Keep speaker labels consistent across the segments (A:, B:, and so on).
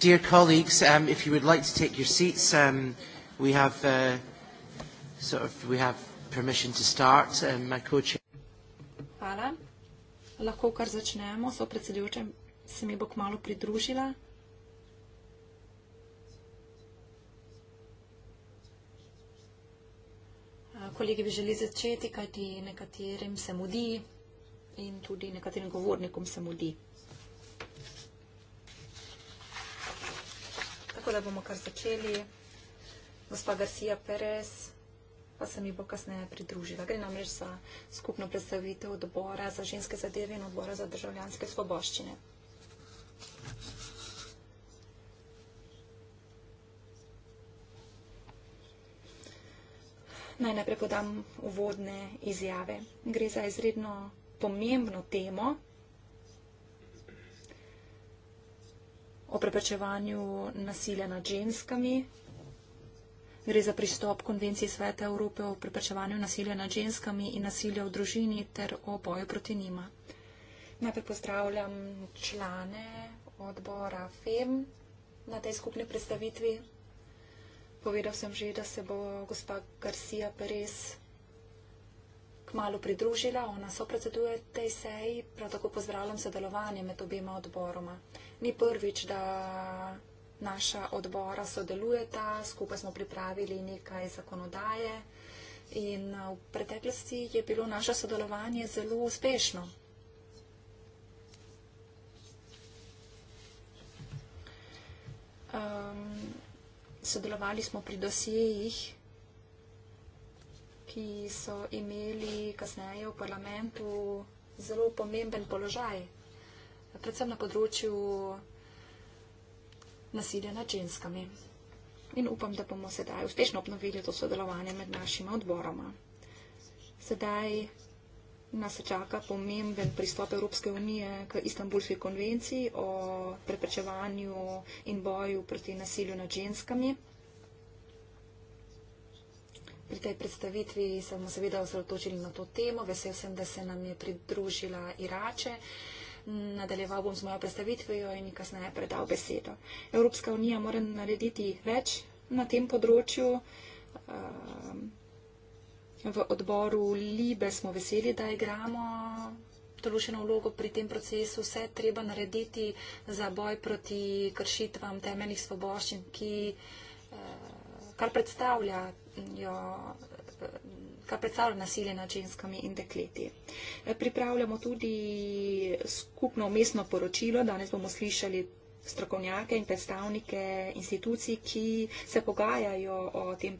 A: Dear colleagues, um, if you would like to take your seats, um, we have uh, sort of we have permission to start. Um, my co-chair.
B: Hvala. Lahko kar začnemo. So predsedujoče, se mi bo kmalo pridružila. Kolegi bi želi začeti, kajti nekaterim se mudi in tudi nekaterim govornikom se mudi. tako da bomo kar začeli. Gospa Garcia Perez pa se mi bo kasneje pridružila. Gre namreč za skupno predstavitev odbora za ženske zadeve in odbora za državljanske svoboščine. Naj najprej podam uvodne izjave. Gre za izredno pomembno temo, o preprečevanju nasilja nad ženskami. Gre za pristop Konvencije Sveta Evrope o preprečevanju nasilja nad ženskami in nasilja v družini ter o boju proti njima. Najprej pozdravljam člane odbora FEM na tej skupni predstavitvi. Povedal sem že, da se bo gospa Garcia Perez k malu pridružila, ona so predseduje tej seji, prav tako pozdravljam sodelovanje med obima odboroma. Ni prvič, da naša odbora sodelujeta, skupaj smo pripravili nekaj zakonodaje in v preteklosti je bilo naše sodelovanje zelo uspešno. Um, sodelovali smo pri dosijejih, ki so imeli kasneje v parlamentu zelo pomemben položaj, predvsem na področju nasilja nad ženskami. In upam, da bomo sedaj uspešno obnovili to sodelovanje med našima odboroma. Sedaj nas čaka pomemben pristop Evropske unije k Istanbulski konvenciji o preprečevanju in boju proti nasilju nad ženskami. Pri tej predstavitvi se bomo seveda osredotočili na to temo. Vesel sem, da se nam je pridružila Irače. Nadaljeval bom z mojo predstavitvijo in kasneje predal besedo. Evropska unija mora narediti več na tem področju. Ehm, v odboru Libe smo veseli, da igramo določeno vlogo pri tem procesu. Vse treba narediti za boj proti kršitvam temeljnih svoboščin, ehm, kar predstavlja jo kapecalo nasilje nad ženskami in dekleti. Pripravljamo tudi skupno mestno poročilo. Danes bomo slišali strokovnjake in predstavnike institucij, ki se pogajajo o tem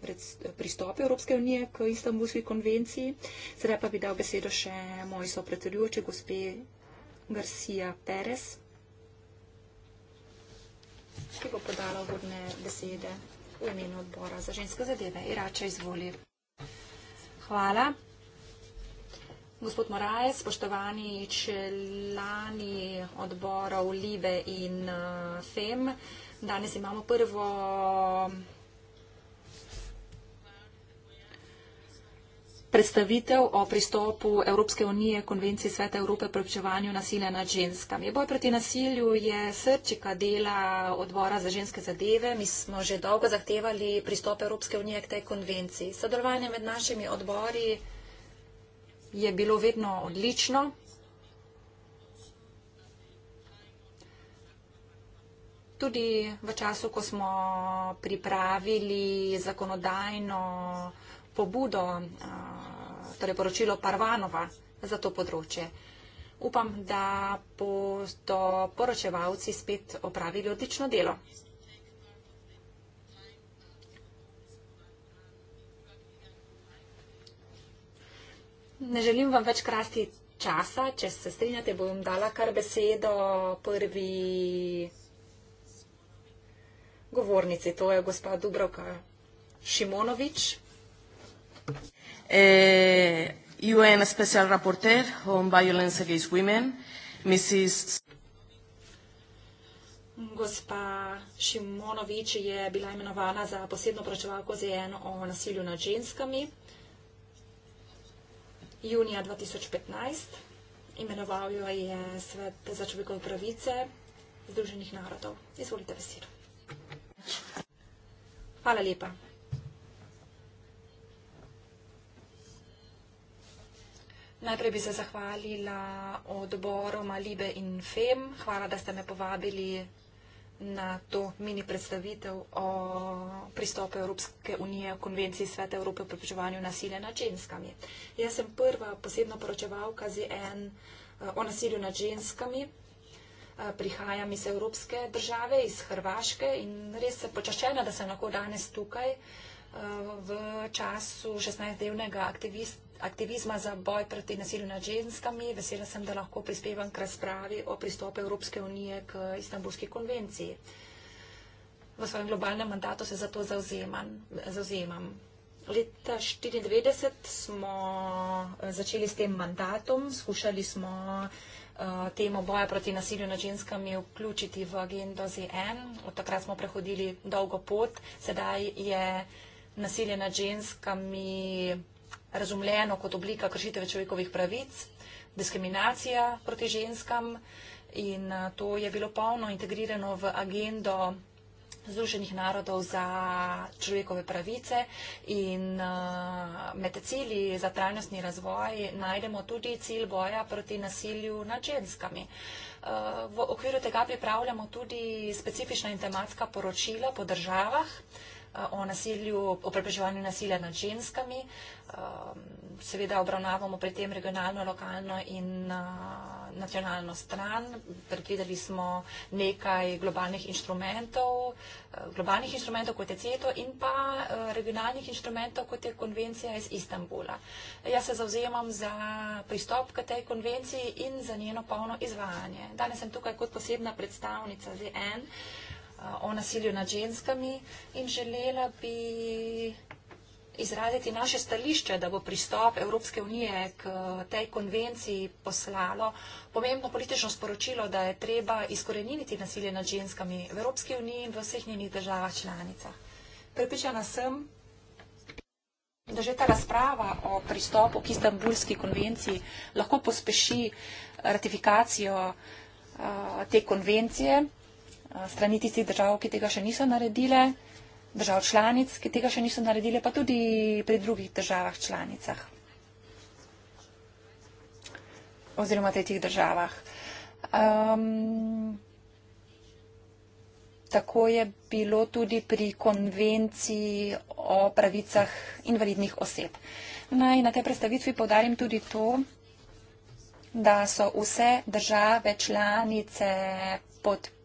B: pristopu Evropske unije k Istanbulski konvenciji. Sedaj pa bi dal besedo še moji sopredsedujoči gospe Garcia Perez, ki bo podala vodne besede v imenu odbora za ženske zadeve. Irača, izvoli. Hvala. Gospod Moraje, spoštovani člani odborov Libe in uh, FEM, danes imamo prvo predstavitev o pristopu Evropske unije konvenciji Sveta Evrope o preprečevanju nasilja nad ženskami. Boj proti nasilju je srčika dela odbora za ženske zadeve. Mi smo že dolgo zahtevali pristop Evropske unije k tej konvenciji. Sodelovanje med našimi odbori je bilo vedno odlično. Tudi v času, ko smo pripravili zakonodajno pobudo, torej poročilo Parvanova za to področje. Upam, da bodo poročevalci spet opravili odlično delo. Ne želim vam več krasti časa, če se strinjate, bom dala kar besedo prvi govornici. To je gospod Dubrovka Šimonovič. Uh, eh, UN Special Rapporteur on
C: Violence Against Women, Mrs.
B: Gospa Šimonovič je bila imenovana za posebno pročevalko ZN e o nasilju nad ženskami junija 2015. Imenoval jo je Svet za človekove pravice Združenih narodov. Izvolite besedo. Hvala lepa. Najprej bi se zahvalila odboroma Libe in Fem. Hvala, da ste me povabili na to mini predstavitev o pristopu Evropske unije v konvenciji Sveta Evrope o preprečevanju nasilja nad ženskami. Jaz sem prva posebna poročevalka ZN eh, o nasilju nad ženskami. Eh, prihajam iz Evropske države, iz Hrvaške in res sem počaščena, da sem lahko danes tukaj eh, v času 16-dnevnega aktivista aktivizma za boj proti nasilju nad ženskami. Vesela sem, da lahko prispevam k razpravi o pristopu Evropske unije k Istanbulski konvenciji. V svojem globalnem mandatu se zato zauzemam. zauzemam. Leta 1994 smo eh, začeli s tem mandatom, skušali smo uh, temo boja proti nasilju nad ženskami vključiti v agendo ZN. Od takrat smo prehodili dolgo pot, sedaj je nasilje nad ženskami razumljeno kot oblika kršitve človekovih pravic, diskriminacija proti ženskam in to je bilo polno integrirano v agendo Združenih narodov za človekove pravice in med cilji za trajnostni razvoj najdemo tudi cilj boja proti nasilju nad ženskami. V okviru tega pripravljamo tudi specifična in tematska poročila po državah, Eh, o nasilju, o preprečevanju nasilja nad ženskami. Ehm, seveda obravnavamo pri tem regionalno, lokalno in eh, nacionalno stran. Predvideli smo nekaj globalnih inštrumentov, eh, globalnih inštrumentov kot je CETO in pa regionalnih inštrumentov kot je konvencija iz Istanbula. Jaz se zauzemam za pristop k tej konvenciji in za njeno polno izvajanje. Danes sem tukaj kot posebna predstavnica ZN. Uh, Eh, o nasilju nad ženskami in želela bi izraziti naše stališče, da bo pristop Evropske unije k eh, tej konvenciji poslalo pomembno politično sporočilo, da je treba izkoreniniti nasilje nad ženskami v Evropski uniji in v vseh njenih državah članicah. Pripričana sem, da že ta razprava o pristopu k Istanbulski konvenciji lahko pospeši ratifikacijo eh, te konvencije. Eh, strani tistih držav, ki tega še niso naredile, držav članic, ki tega še niso naredile, pa tudi pri drugih državah članicah oziroma tretjih državah. Um, tako je bilo tudi pri konvenciji o pravicah invalidnih oseb. Naj na tej predstavitvi povdarim tudi to, da so vse države članice podpisali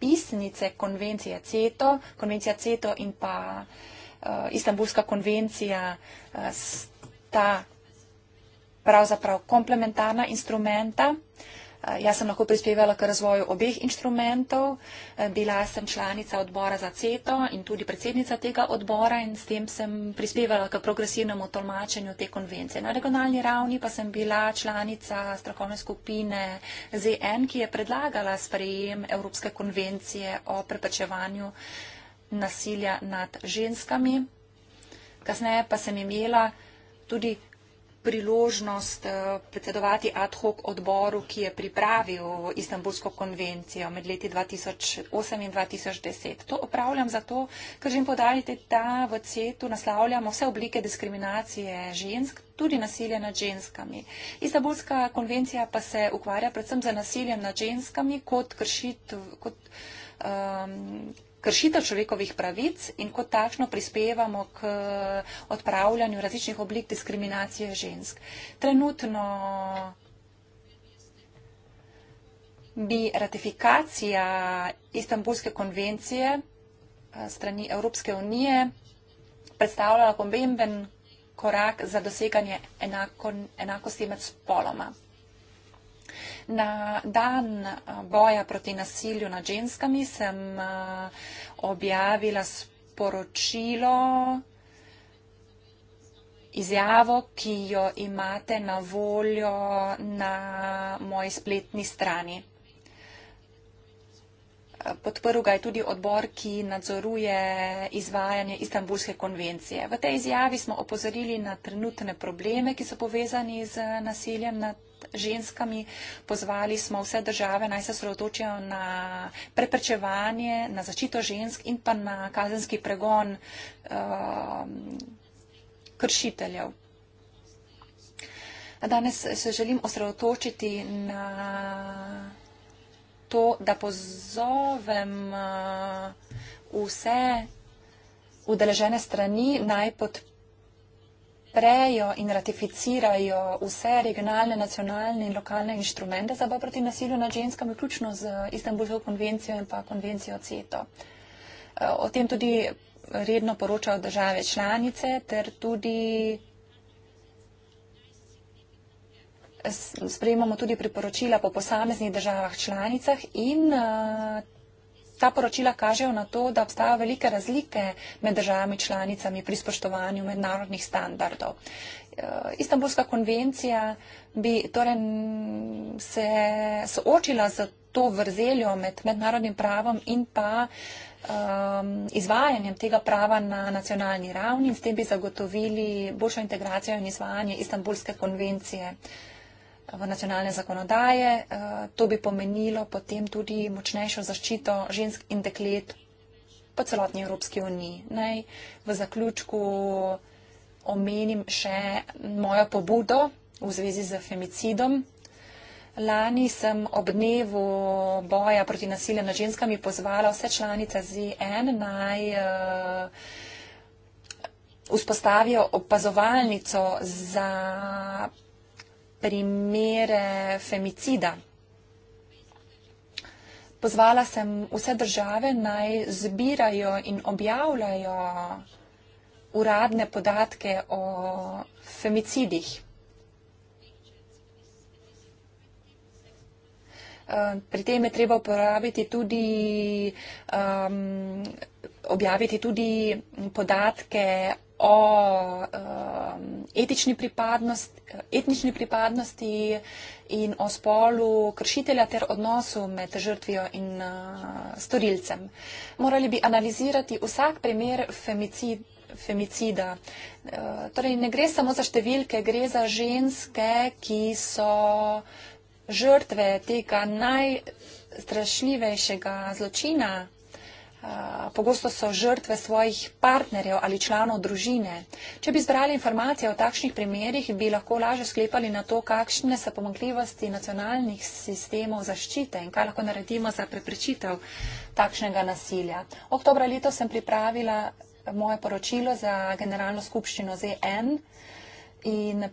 B: podpisnice konvencije CETO, konvencija CETO in pa uh, Istanbulska konvencija uh, sta pravzaprav komplementarna instrumenta. Uh, Eh, jaz sem lahko prispevala k razvoju obeh inštrumentov, eh, bila sem članica odbora za CETO in tudi predsednica tega odbora in s tem sem prispevala k progresivnemu tolmačenju te konvencije. Na regionalni ravni pa sem bila članica strokovne skupine ZN, ki je predlagala sprejem Evropske konvencije o preprečevanju nasilja nad ženskami. Kasneje pa sem imela tudi priložnost eh, predsedovati ad hoc odboru, ki je pripravil Istanbulsko konvencijo med leti 2008 in 2010. To opravljam zato, ker želim podariti, da v CETU naslavljamo vse oblike diskriminacije žensk, tudi nasilje nad ženskami. Istanbulska konvencija pa se ukvarja predvsem z nasiljem nad ženskami kot kršitev. Kot, um, kršitev človekovih pravic in kot takšno prispevamo k eh, odpravljanju različnih oblik diskriminacije žensk. Trenutno bi ratifikacija Istanbulske konvencije eh, strani Evropske unije predstavljala pomemben korak za doseganje enako, enakosti med spoloma. Na dan eh, boja proti nasilju nad ženskami sem eh, objavila sporočilo, izjavo, ki jo imate na voljo na moji spletni strani. Eh, podprl ga je tudi odbor, ki nadzoruje izvajanje Istanbulske konvencije. V tej izjavi smo opozorili na trenutne probleme, ki so povezani z nasiljem nad ženskami. Pozvali smo vse države naj se sredotočijo na preprečevanje, na začito žensk in pa na kazenski pregon uh, kršiteljev. Danes se želim osredotočiti na to, da pozovem uh, vse udeležene strani naj podpirajo podprejo in ratificirajo vse regionalne, nacionalne in lokalne inštrumente za boj proti nasilju nad ženskami, vključno z Istanbulsko konvencijo in pa konvencijo CETO. Eh, o tem tudi redno poročajo države članice ter tudi sprejemamo tudi priporočila po posameznih državah članicah in uh, ta poročila kažejo na to, da obstaja velike razlike med državami članicami pri spoštovanju mednarodnih standardov. Eh, Istanbulska konvencija bi torej se soočila z to vrzeljo med mednarodnim pravom in pa um, izvajanjem tega prava na nacionalni ravni in s tem bi zagotovili boljšo integracijo in izvajanje Istanbulske konvencije uh, v nacionalne zakonodaje. Eh, to bi pomenilo potem tudi močnejšo zaščito žensk in deklet po celotni Evropski uniji. Naj v zaključku omenim še mojo pobudo v zvezi z femicidom. Lani sem ob dnevu boja proti nasilju nad ženskami pozvala vse članice ZN naj uh, vzpostavijo opazovalnico za primere femicida. Pozvala sem vse države naj zbirajo in objavljajo uradne podatke o femicidih. Eh, pri tem je treba uporabiti tudi, um, objaviti tudi podatke o um, etični pripadnosti, etnični pripadnosti in o spolu kršitelja ter odnosu med žrtvijo in uh, storilcem. Morali bi analizirati vsak primer femicid, femicida. Uh, torej, ne gre samo za številke, gre za ženske, ki so žrtve tega najstrašljivejšega zločina Eh, pogosto so žrtve svojih partnerjev ali članov družine. Če bi zbrali informacije o takšnih primerjih, bi lahko lažje sklepali na to, kakšne so pomankljivosti nacionalnih sistemov zaščite in kaj lahko naredimo za preprečitev takšnega nasilja. Oktobra leto sem pripravila moje poročilo za Generalno skupščino ZN in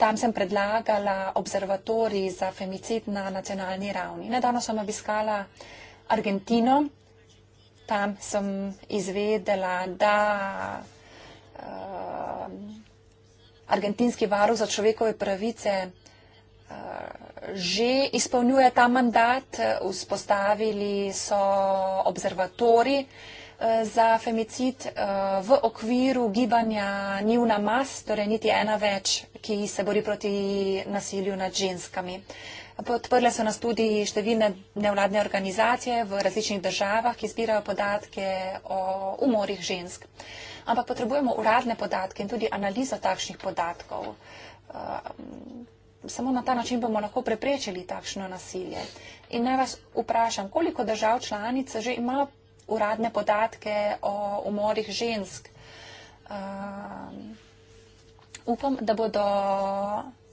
B: tam sem predlagala observatorij za femicid na nacionalni ravni. Nedavno sem obiskala Argentino, tam sem izvedela, da uh, argentinski varu za človekove pravice uh, že izpolnjuje ta mandat, vzpostavili so observatori eh, za femicid v okviru gibanja ni v namaz, torej niti ena več, ki se bori proti nasilju nad ženskami. Uh, Podprle so nas tudi številne nevladne organizacije v različnih državah, ki zbirajo podatke o umorih žensk. Ampak potrebujemo uradne podatke in tudi analizo takšnih podatkov. Ehm, samo na ta način bomo lahko preprečili takšno nasilje. In naj vas vprašam, koliko držav članic že ima uradne podatke o umorih žensk. Uh, upam, da bodo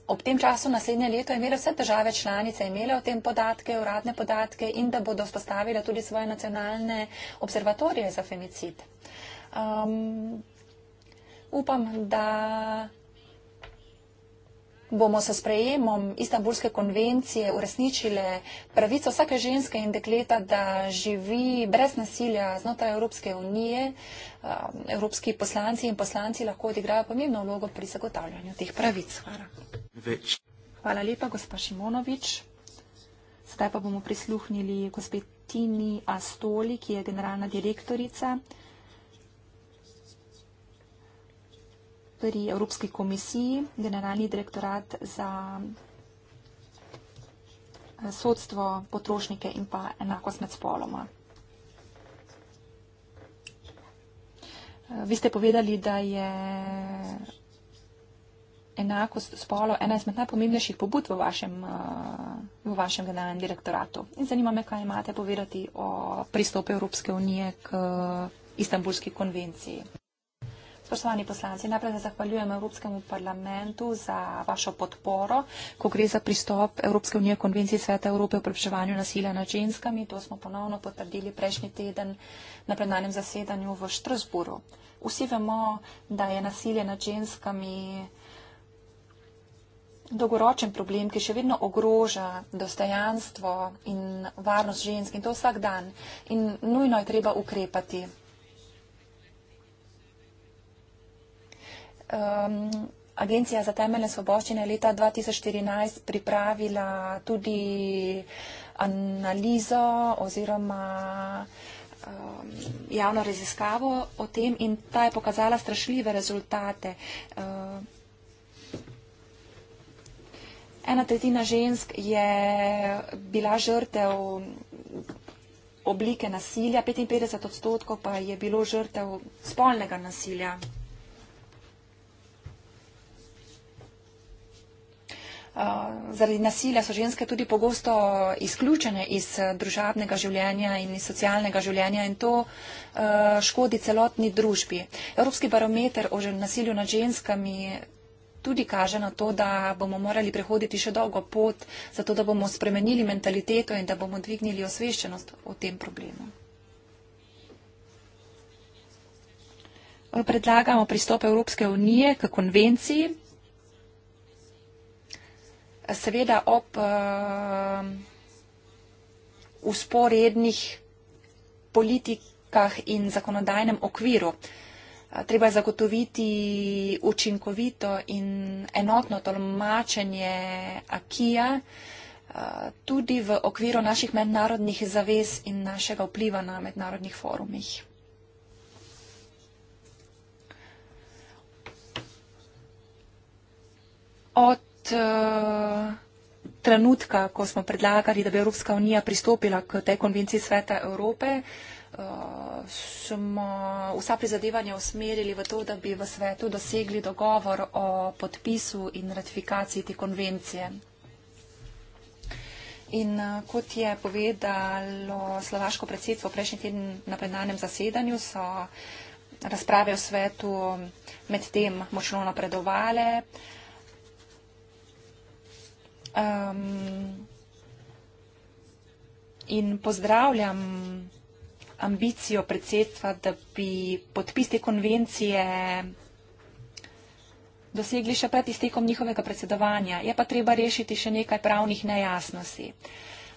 B: ob tem času naslednje leto imele vse države članice, imele o tem podatke, uradne podatke in da bodo spostavile tudi svoje nacionalne observatorije za femicid. Um, upam, da bomo se sprejemom Istanbulske konvencije uresničile pravico vsake ženske in dekleta, da živi brez nasilja znotraj Evropske unije, um, evropski poslanci in poslanci lahko odigrajo pomembno vlogo pri zagotavljanju teh pravic. Hvala. Več. Hvala lepa, gospa Šimonovič. Sedaj pa bomo prisluhnili gospe Tini Astoli, ki je generalna direktorica. pri Evropski komisiji, generalni direktorat za eh, sodstvo, potrošnike in pa enakost med spoloma. Eh, vi ste povedali, da je enakost spolo ena izmed najpomembnejših pobud v vašem, eh, v vašem generalnem direktoratu. In zanima me, kaj imate povedati o pristopu Evropske unije k Istanbulski konvenciji. Spoštovani poslanci, najprej se zahvaljujem Evropskemu parlamentu za vašo podporo, ko gre za pristop Evropske unije konvenciji Sveta Evrope o preprečevanju nasilja nad ženskami. To smo ponovno potrdili prejšnji teden na plenarnem zasedanju v Štrasburu. Vsi vemo, da je nasilje nad ženskami dolgoročen problem, ki še vedno ogroža dostojanstvo in varnost žensk in to vsak dan. In nujno je treba ukrepati. um, Agencija za temeljne svoboščine je leta 2014 pripravila tudi analizo oziroma um, javno raziskavo o tem in ta je pokazala strašljive rezultate. Um, ena tretjina žensk je bila žrtev oblike nasilja, 55 odstotkov pa je bilo žrtev spolnega nasilja. Eh, zaradi nasilja so ženske tudi pogosto izključene iz eh, družabnega življenja in iz socialnega življenja in to eh, škodi celotni družbi. Evropski barometer o nasilju nad ženskami tudi kaže na to, da bomo morali prehoditi še dolgo pot, zato da bomo spremenili mentaliteto in da bomo dvignili osveščenost o tem problemu. Predlagamo pristop Evropske unije k konvenciji seveda ob uh, eh, usporednih politikah in zakonodajnem okviru. Eh, treba je zagotoviti učinkovito in enotno tolmačenje akija eh, tudi v okviru naših mednarodnih zavez in našega vpliva na mednarodnih forumih. Od Eh, trenutka, ko smo predlagali, da bi Evropska unija pristopila k tej konvenciji sveta Evrope, eh, smo vsa prizadevanja usmerili v to, da bi v svetu dosegli dogovor o podpisu in ratifikaciji te konvencije. In eh, kot je povedalo slovaško predsedstvo prejšnji teden na plenarnem zasedanju, so razprave v svetu med tem močno napredovale. Uh, Um, in pozdravljam ambicijo predsedstva, da bi podpis te konvencije dosegli še pred iztekom njihovega predsedovanja. Je pa treba rešiti še nekaj pravnih nejasnosti.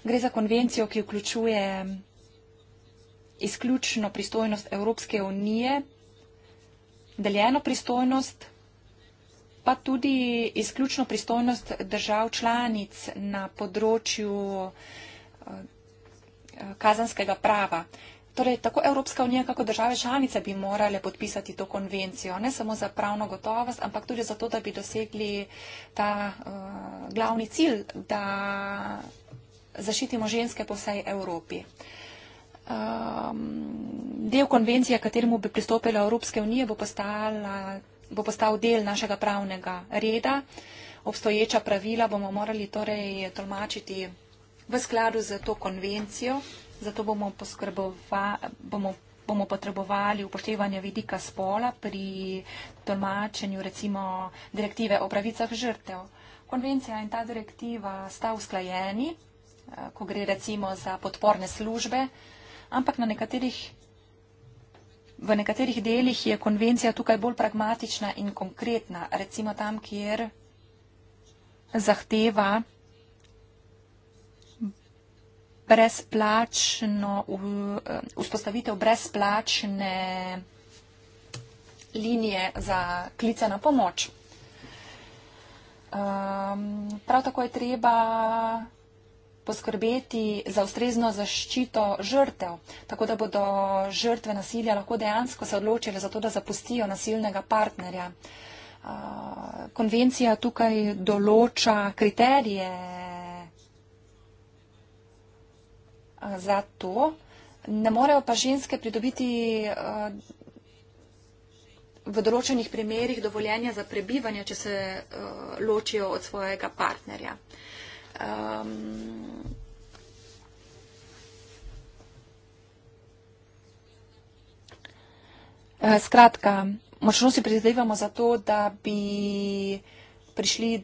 B: Gre za konvencijo, ki vključuje izključno pristojnost Evropske unije, deljeno pristojnost pa tudi izključno pristojnost držav članic na področju eh, kazanskega prava. Torej, tako Evropska unija, kako države članice bi morale podpisati to konvencijo, ne samo za pravno gotovost, ampak tudi zato, da bi dosegli ta uh, glavni cilj, da zaščitimo ženske po vsej Evropi. Um, del konvencije, kateremu bi pristopila Evropske unije, bo postala bo postal del našega pravnega reda. Obstoječa pravila bomo morali torej tolmačiti v skladu z to konvencijo, zato bomo, bomo, bomo potrebovali upoštevanje vidika spola pri tolmačenju recimo direktive o pravicah žrtev. Konvencija in ta direktiva sta usklajeni, eh, ko gre recimo za podporne službe, ampak na nekaterih V nekaterih delih je konvencija tukaj bolj pragmatična in konkretna, recimo tam, kjer zahteva brezplačno, eh, vzpostavitev brezplačne linije za klice na pomoč. Ehm, prav tako je treba poskrbeti za ustrezno zaščito žrtev, tako da bodo žrtve nasilja lahko dejansko se odločile za to, da zapustijo nasilnega partnerja. Konvencija tukaj določa kriterije za to. Ne morejo pa ženske pridobiti v določenih primerjih dovoljenja za prebivanje, če se ločijo od svojega partnerja. Um, eh, skratka, močno si prizadevamo za to, da bi prišli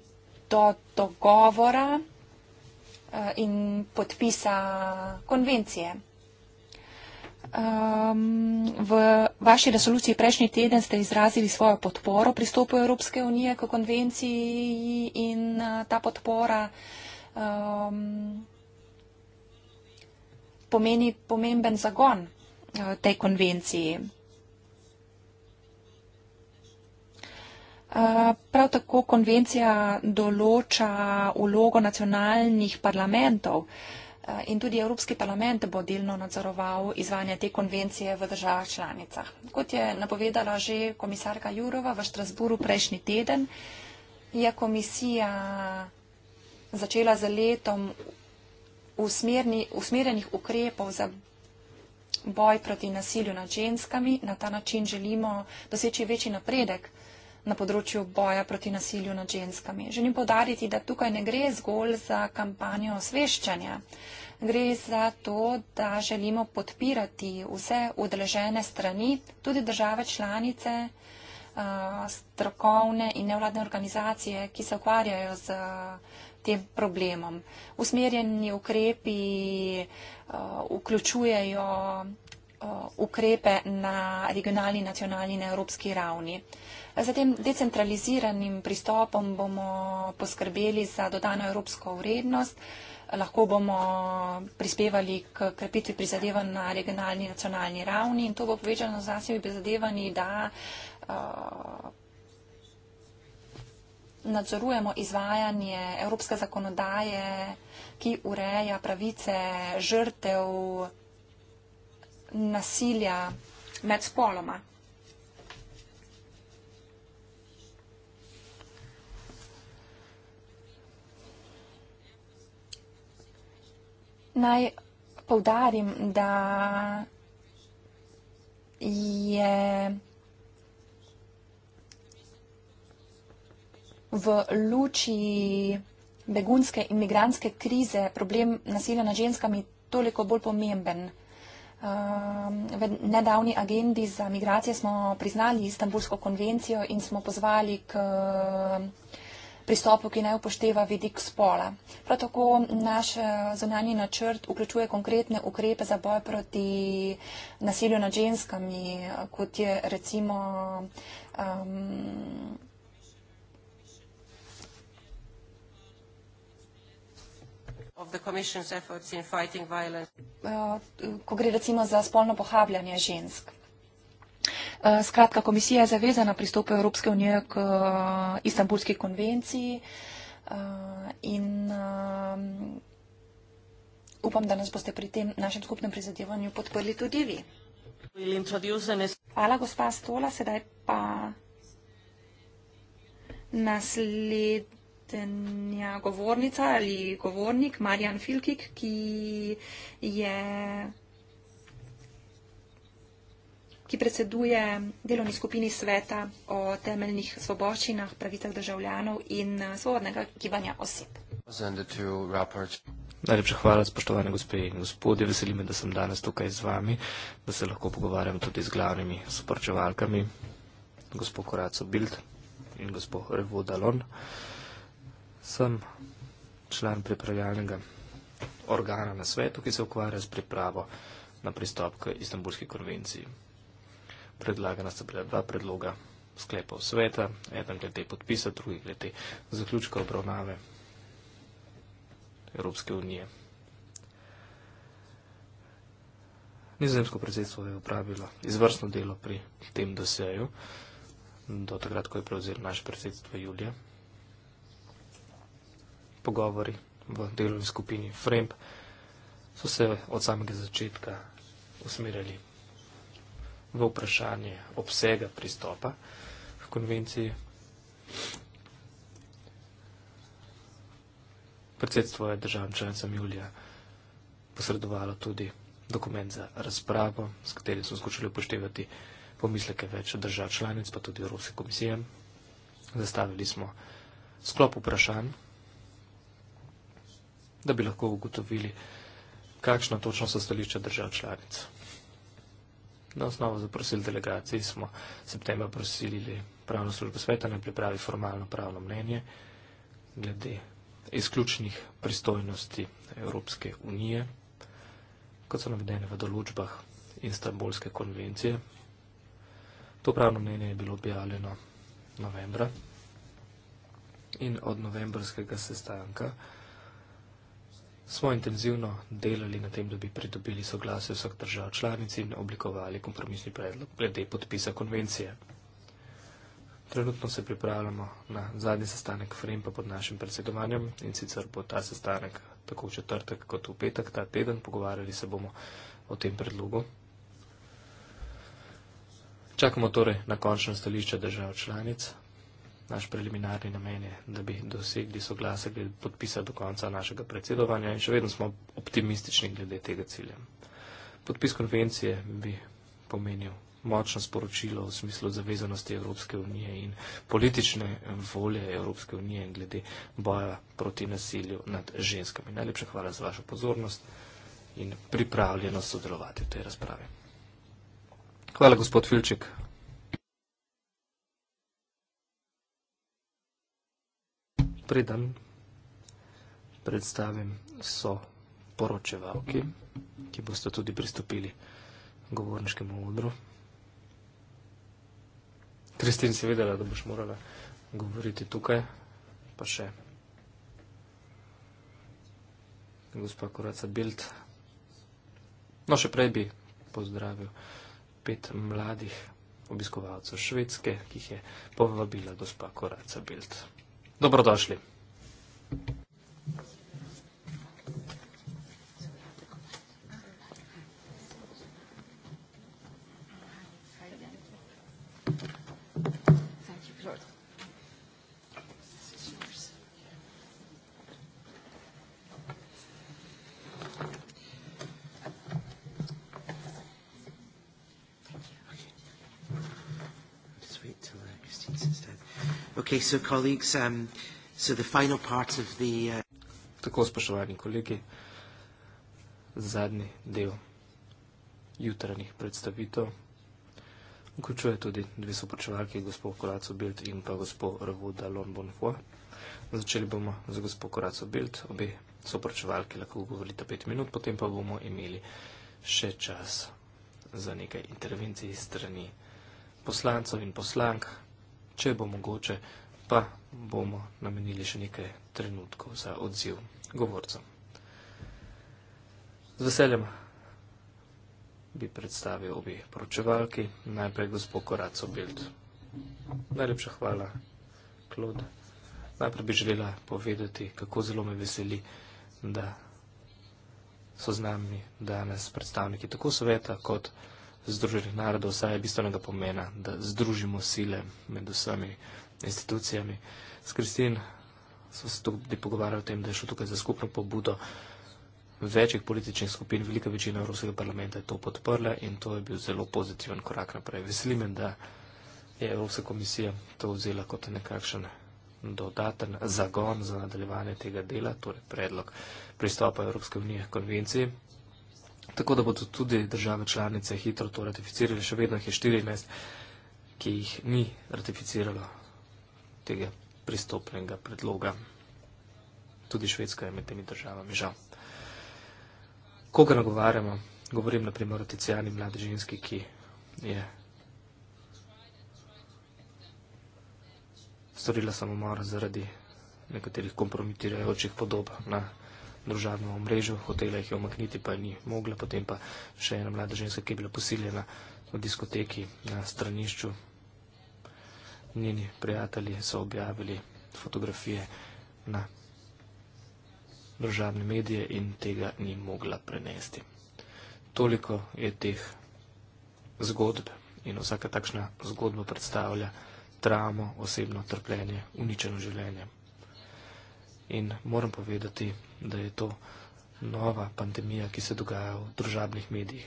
B: do dogovora eh, in podpisa konvencije. Um, v vaši resoluciji prejšnji teden ste izrazili svojo podporo pristopu Evropske unije k konvenciji in uh, ta podpora uh, um, pomeni pomemben zagon uh, tej konvenciji. Eh, prav tako konvencija določa ulogo nacionalnih parlamentov eh, in tudi Evropski parlament bo delno nadzoroval izvajanje te konvencije v državah članicah. Kot je napovedala že komisarka Jurova v Štrasburu prejšnji teden, je komisija začela z letom usmerjenih ukrepov za boj proti nasilju nad ženskami. Na ta način želimo doseči večji napredek na področju boja proti nasilju nad ženskami. Želim podariti, da tukaj ne gre zgolj za kampanjo osveščanja. Gre za to, da želimo podpirati vse udeležene strani, tudi države članice, strokovne in nevladne organizacije, ki se ukvarjajo z tem problemom. Usmerjeni ukrepi uh, vključujejo uh, ukrepe na regionalni, nacionalni in evropski ravni. Zatem decentraliziranim pristopom bomo poskrbeli za dodano evropsko vrednost, lahko bomo prispevali k krepitvi prizadevanj na regionalni, nacionalni ravni in to bo povečano z nasimi prizadevanji, da uh, nadzorujemo izvajanje evropske zakonodaje, ki ureja pravice žrtev nasilja med spoloma. Naj povdarim, da je v luči begunske in migranske krize problem nasilja nad ženskami toliko bolj pomemben. Ehm, v nedavni agendi za migracije smo priznali Istanbulsko konvencijo in smo pozvali k pristopu, ki naj upošteva vidik spola. Prav tako naš zonanji načrt vključuje konkretne ukrepe za boj proti nasilju nad ženskami, kot je recimo. Um, Eh, ko gre recimo za spolno pohabljanje žensk. Eh, skratka, komisija je zavezana pristopu Evropske unije k eh, Istanbulski konvenciji in upam, da nas boste pri tem našem skupnem prizadevanju podprli tudi vi. Hvala, gospa Stola. Sedaj pa naslednji tretja govornica ali govornik Marjan Filkik, ki je ki predseduje delovni skupini sveta o temeljnih svoboščinah, pravicah državljanov in eh, svobodnega gibanja oseb.
C: Najlepša hvala, spoštovane gospe in gospodje. Veselime, da sem danes tukaj z vami, da se lahko pogovarjam tudi z glavnimi soporčevalkami, gospod Koraco Bild in gospod Revo Dalon. Uh, Sem član pripravljalnega organa na svetu, ki se ukvarja s pripravo na pristop k Istanbulski konvenciji. Predlagana sta bila dva predloga sklepov sveta, eden glede podpisa, drugi glede zaključka obravnave Evropske unije. Nizozemsko predsedstvo je upravilo izvrstno delo pri tem doseju, do takrat, ko je prevzelo naše predsedstvo Julija pogovori v delovni skupini Fremp so se od samega začetka usmerjali v vprašanje obsega pristopa v konvenciji. Predsedstvo je državno članicam Julija posredovalo tudi dokument za razpravo, s kateri smo skušali upoštevati pomisleke več držav članic, pa tudi Evropske komisije. Zastavili smo sklop vprašanj, da bi lahko ugotovili, kakšno točno so stališča držav članic. Na osnovo zaprosili delegacije smo septembra prosili pravno službo sveta, naj pripravi formalno pravno mnenje glede izključnih pristojnosti Evropske unije, kot so navedene v določbah Istanbulske konvencije. To pravno mnenje je bilo objavljeno novembra in od novembrskega sestanka smo intenzivno delali na tem, da bi pridobili soglasje vseh držav članic in oblikovali kompromisni predlog glede podpisa konvencije. Trenutno se pripravljamo na zadnji sestanek FREMPA pod našim predsedovanjem in sicer bo ta sestanek tako v četrtek kot v petek ta teden. Pogovarjali se bomo o tem predlogu. Čakamo torej na končno stališče držav članic, naš preliminarni namen je, da bi dosegli soglase glede podpisa do konca našega predsedovanja in še vedno smo optimistični glede tega cilja. Podpis konvencije bi pomenil močno sporočilo v smislu zavezanosti Evropske unije in politične volje Evropske unije glede boja proti nasilju nad ženskami. Najlepša hvala za vašo pozornost in pripravljenost sodelovati v tej razpravi. Hvala, gospod Filček. preden predstavim so poročevalki, ki boste tudi pristopili govorniškemu odru. Kristin si vedela, da boš morala govoriti tukaj, pa še gospa Koraca Bild. No, še prej bi pozdravil pet mladih obiskovalcev Švedske, ki jih je povabila gospa Koraca Bild. Dobrodošli. Okay, so colleagues, um, so the final part of the... Uh... Tako, spoštovani kolegi, zadnji del jutranjih predstavitev vključuje tudi dve sopočevalke, gospod Koraco Bild in pa gospod Ravuda Lombonfo. Začeli bomo z gospod Koraco Bild, obe sopočevalke lahko govorite pet minut, potem pa bomo imeli še čas za nekaj intervencij strani poslancov in poslank, če bo mogoče, pa bomo namenili še nekaj trenutkov za odziv govorcem. Z veseljem bi predstavil obi poročevalki, najprej gospod Koraco Bild. Najlepša hvala, Klod. Najprej bi želela povedati, kako zelo me veseli, da so z nami danes predstavniki tako sveta kot Združenih narodov, saj je bistvenega pomena, da združimo sile med vsemi institucijami. S Kristin smo se tudi pogovarjali o tem, da je šlo tukaj za skupno pobudo večjih političnih skupin, velika večina Evropskega parlamenta je to podprla in to je bil zelo pozitiven korak naprej. Veselim me, da je Evropska komisija to vzela kot nekakšen dodaten zagon za nadaljevanje tega dela, torej predlog pristopa Evropske unije k konvenciji. Tako da bodo tudi države članice hitro to ratificirali, še vedno jih je 14, ki jih ni ratificiralo tega pristopnega predloga. Tudi Švedska je med temi državami, žal. Koga nagovarjamo? Govorim naprimer o Ticijani mladi ženski, ki je storila samomor zaradi nekaterih kompromitirajočih podob na družavnem omrežju, hotela jih je omakniti, pa je ni mogla, potem pa še ena mlada ženska, ki je bila posiljena v diskoteki na stranišču njeni prijatelji so objavili fotografije na državne medije in tega ni mogla prenesti. Toliko je teh zgodb in vsaka takšna zgodba predstavlja travmo, osebno trpljenje, uničeno življenje. In moram povedati, da je to nova pandemija, ki se dogaja v državnih medijih.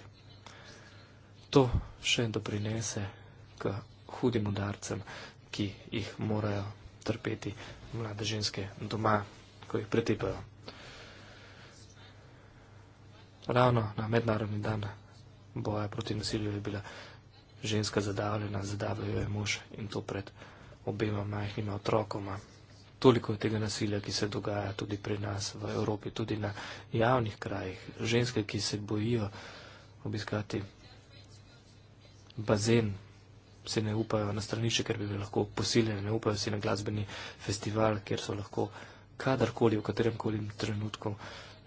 C: To še doprinese k hudim udarcem ki jih morajo trpeti mlade ženske doma, ko jih pretepajo. Ravno na mednarodni dan boja proti nasilju je bila ženska zadavljena, zadavljajo je mož in to pred obema majhnima otrokoma. Toliko je tega nasilja, ki se dogaja tudi pri nas v Evropi, tudi na javnih krajih. Ženske, ki se bojijo obiskati bazen se ne upajo na stranišče, ker bi bili lahko posiljeni, ne upajo si na glasbeni festival, kjer so lahko kadarkoli, v katerem koli trenutku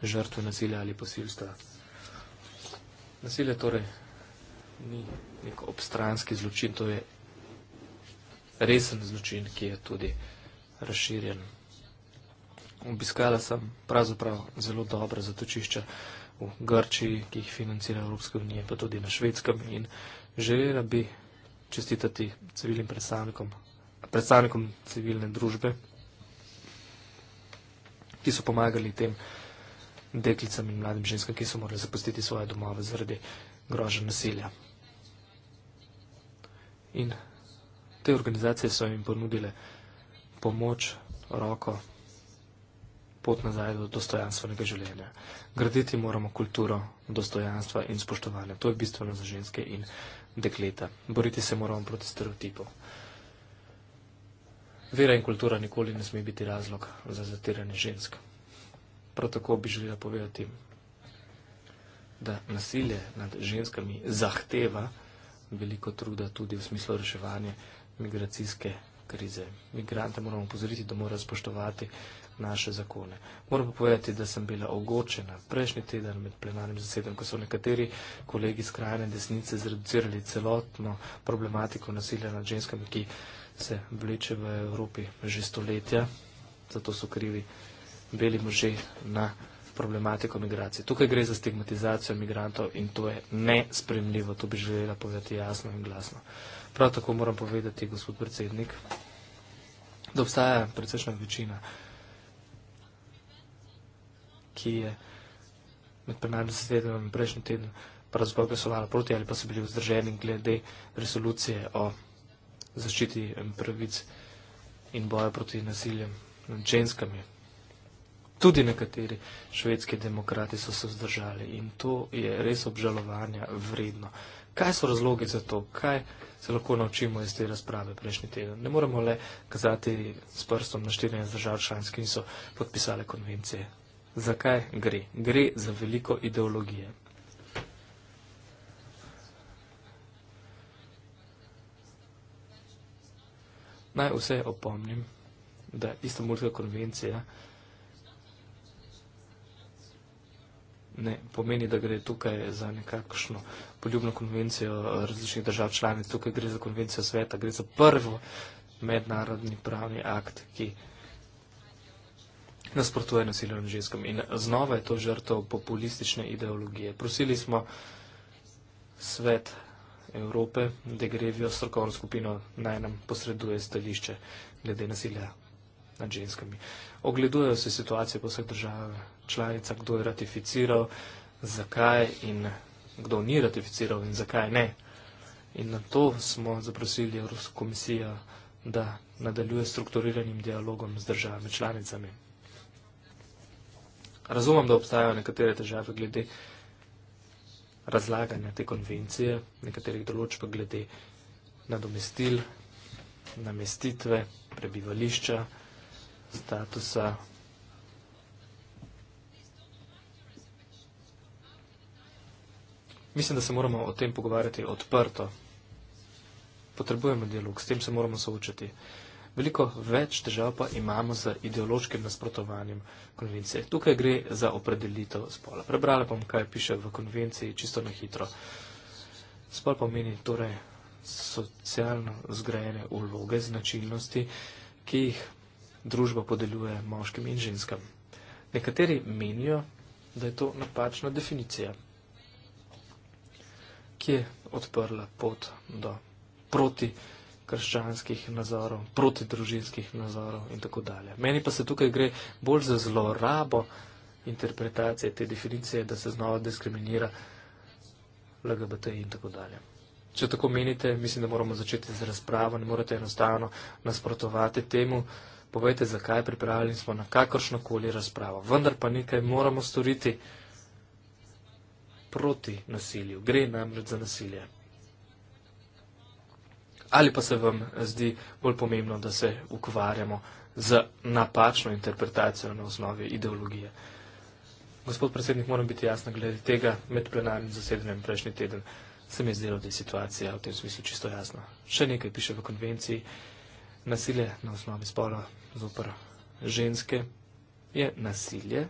C: žrtve nasilja ali posilstva. Nasilje torej ni nek obstranski zločin, to je resen zločin, ki je tudi razširjen. Obiskala sem pravzaprav zelo dobre zatočišča v Grčiji, ki jih financira Evropska unija, pa tudi na švedskem in želela bi čestitati civilnim predstavnikom, predstavnikom civilne družbe, ki so pomagali tem deklicam in mladim ženskam, ki so morali zapustiti svoje domove zaradi grožen nasilja. In te organizacije so jim ponudile pomoč, roko, pot nazaj do dostojanstvenega življenja. Graditi moramo kulturo dostojanstva in spoštovanja. To je bistveno za ženske in ženske dekleta. Boriti se moramo proti stereotipom. Vera in kultura nikoli ne sme biti razlog za zatiranje žensk. Prav tako bi želela povedati, da nasilje nad ženskami zahteva veliko truda tudi v smislu reševanja migracijske krize. Migrante moramo pozoriti, da morajo spoštovati naše zakone. Moram pa povedati, da sem bila ogočena prejšnji teden med plenarnim zasedanjem, ko so nekateri kolegi skrajne desnice zreducirali celotno problematiko nasilja nad ženskami, ki se vleče v Evropi že stoletja, zato so krivi beli može na problematiko migracije. Tukaj gre za stigmatizacijo migrantov in to je nespremljivo, to bi želela povedati jasno in glasno. Prav tako moram povedati, gospod predsednik, da obstaja precejšnja večina ki je med plenarnim zasedanjem in prejšnjim tednom pravzaprav glasovala proti ali pa so bili vzdrženi glede resolucije o zaščiti pravic in boja proti nasiljem nad ženskami. Tudi nekateri švedski demokrati so se vzdržali in to je res obžalovanja vredno. Kaj so razloge za to? Kaj se lahko naučimo iz te razprave prejšnji teden? Ne moremo le kazati s prstom na štirinajst držav članskih, ki so podpisale konvencije. Zakaj gre? Gre za veliko ideologije. Naj vse opomnim, da je Istanbulska konvencija ne pomeni, da gre tukaj za nekakšno poljubno konvencijo različnih držav članic. Tukaj gre za konvencijo sveta, gre za prvo mednarodni pravni akt, ki nasprotuje nasiljenim ženskam. In znova je to žrtev populistične ideologije. Prosili smo svet Evrope, da grevijo strokovno skupino, naj nam posreduje stališče glede nasilja nad ženskami. Ogledujejo se situacije po vseh državah članicah, kdo je ratificiral, zakaj in kdo ni ratificiral in zakaj ne. In na to smo zaprosili Evropsko komisijo, da nadaljuje strukturiranim dialogom z državami članicami razumem, da obstajajo nekatere težave glede razlaganja te konvencije, nekaterih določb glede nadomestil, namestitve, prebivališča, statusa. Mislim, da se moramo o tem pogovarjati odprto. Potrebujemo dialog, s tem se moramo soočati veliko več težav pa imamo z ideološkim nasprotovanjem konvencije. Tukaj gre za opredelitev spola. Prebrala bom, kaj piše v konvenciji, čisto na hitro. Spol pomeni torej socialno zgrajene uloge, značilnosti, ki jih družba podeljuje moškim in ženskam. Nekateri menijo, da je to napačna definicija, ki je odprla pot do proti krščanskih nazorov, protidružinskih nazorov in tako dalje. Meni pa se tukaj gre bolj za zlorabo interpretacije te definicije, da se znova diskriminira LGBT in tako dalje. Če tako menite, mislim, da moramo začeti z razpravo, ne morate enostavno nasprotovati temu, povejte, zakaj pripravljeni smo na kakršno koli razpravo. Vendar pa nekaj moramo storiti proti nasilju. Gre namreč za nasilje ali pa se vam zdi bolj pomembno, da se ukvarjamo z napačno interpretacijo na osnovi ideologije. Gospod predsednik, moram biti jasna glede tega, med plenarnim zasedanjem prejšnji teden se mi je zdelo, da je situacija v tem smislu čisto jasna. Še nekaj piše v konvenciji, nasilje na osnovi spola zopr ženske je nasilje,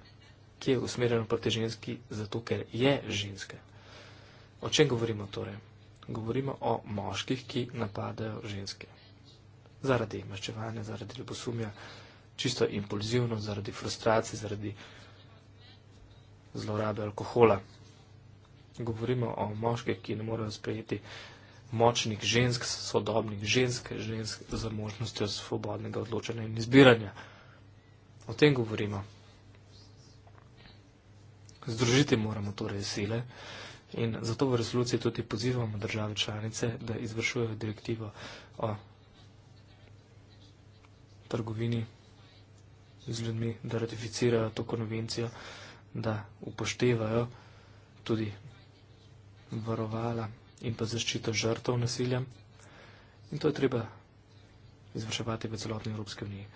C: ki je usmerjeno proti ženski zato, ker je ženske. O čem govorimo torej? govorimo o moških, ki napadajo ženske. Zaradi maščevanja, zaradi ljubosumja, čisto impulzivno, zaradi frustracije, zaradi zlorabe alkohola. Govorimo o moških, ki ne morejo sprejeti močnih žensk, sodobnih žensk, žensk za možnostjo svobodnega odločanja in izbiranja. O tem govorimo. Združiti moramo torej sile, In zato v resoluciji tudi pozivamo države članice, da izvršujejo direktivo o trgovini z ljudmi, da ratificirajo to konvencijo, da upoštevajo tudi varovala in pa zaščito žrtov nasilja. In to je treba izvrševati v celotni Evropske unije.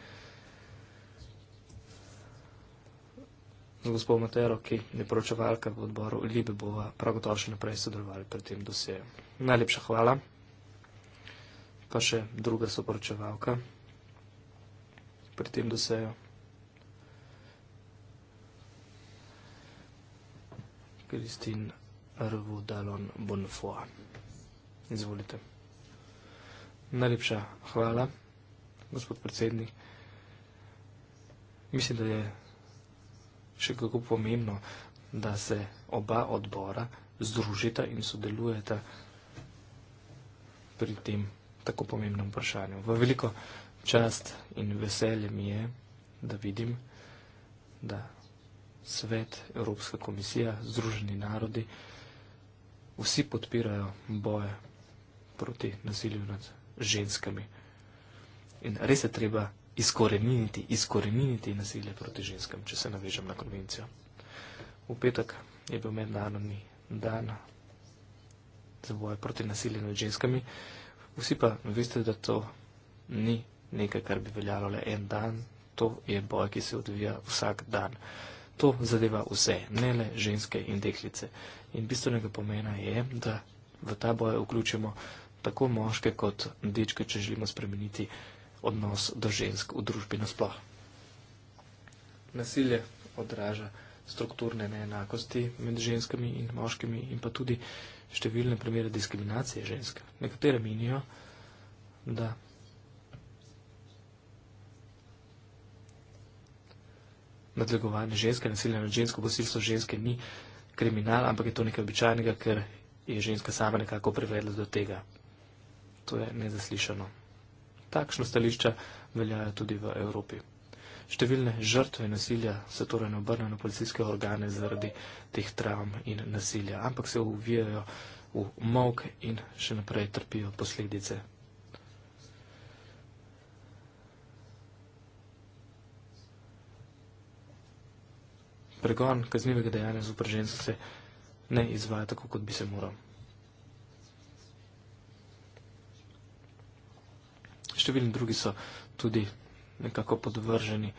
C: z gospod Matero, ki je poročevalka v odboru Libe, bova prav gotovo še naprej sodelovali pri tem dosjeju. Najlepša hvala. Pa še druga soporočevalka pri tem dosjeju. Kristin Rvudalon Bonfoa. Izvolite. Najlepša hvala, gospod predsednik. Mislim, da je še kako pomembno, da se oba odbora združita in sodelujeta pri tem tako pomembnem vprašanju. V veliko čast in veselje mi je, da vidim, da svet, Evropska komisija, Združeni narodi, vsi podpirajo boje proti nasilju nad ženskami. In res je treba izkoreniniti, izkoreniniti nasilje proti ženskam, če se navežem na konvencijo. V petek je bil mednarodni dan za boje proti nasilju nad ženskami. Vsi pa veste, da to ni nekaj, kar bi veljalo le en dan. To je boj, ki se odvija vsak dan. To zadeva vse, ne le ženske in deklice. In bistvenega pomena je, da v ta boj vključimo tako moške kot dečke, če želimo spremeniti odnos do žensk v družbi nasploh. Nasilje odraža strukturne neenakosti med ženskami in moškimi in pa tudi številne primere diskriminacije žensk. Nekatere menijo, da nadlegovanje ženske, nasilje nad žensko, posilstvo ženske ni kriminal, ampak je to nekaj običajnega, ker je ženska sama nekako privedla do tega. To je nezaslišano. Takšno stališče veljajo tudi v Evropi. Številne žrtve nasilja se torej ne obrnejo na policijske organe zaradi teh travm in nasilja, ampak se uvijajo v mok in še naprej trpijo posledice. Pregon kaznivega dejanja z upraženstvom se ne izvaja tako, kot bi se moral. številni drugi so tudi nekako podvrženi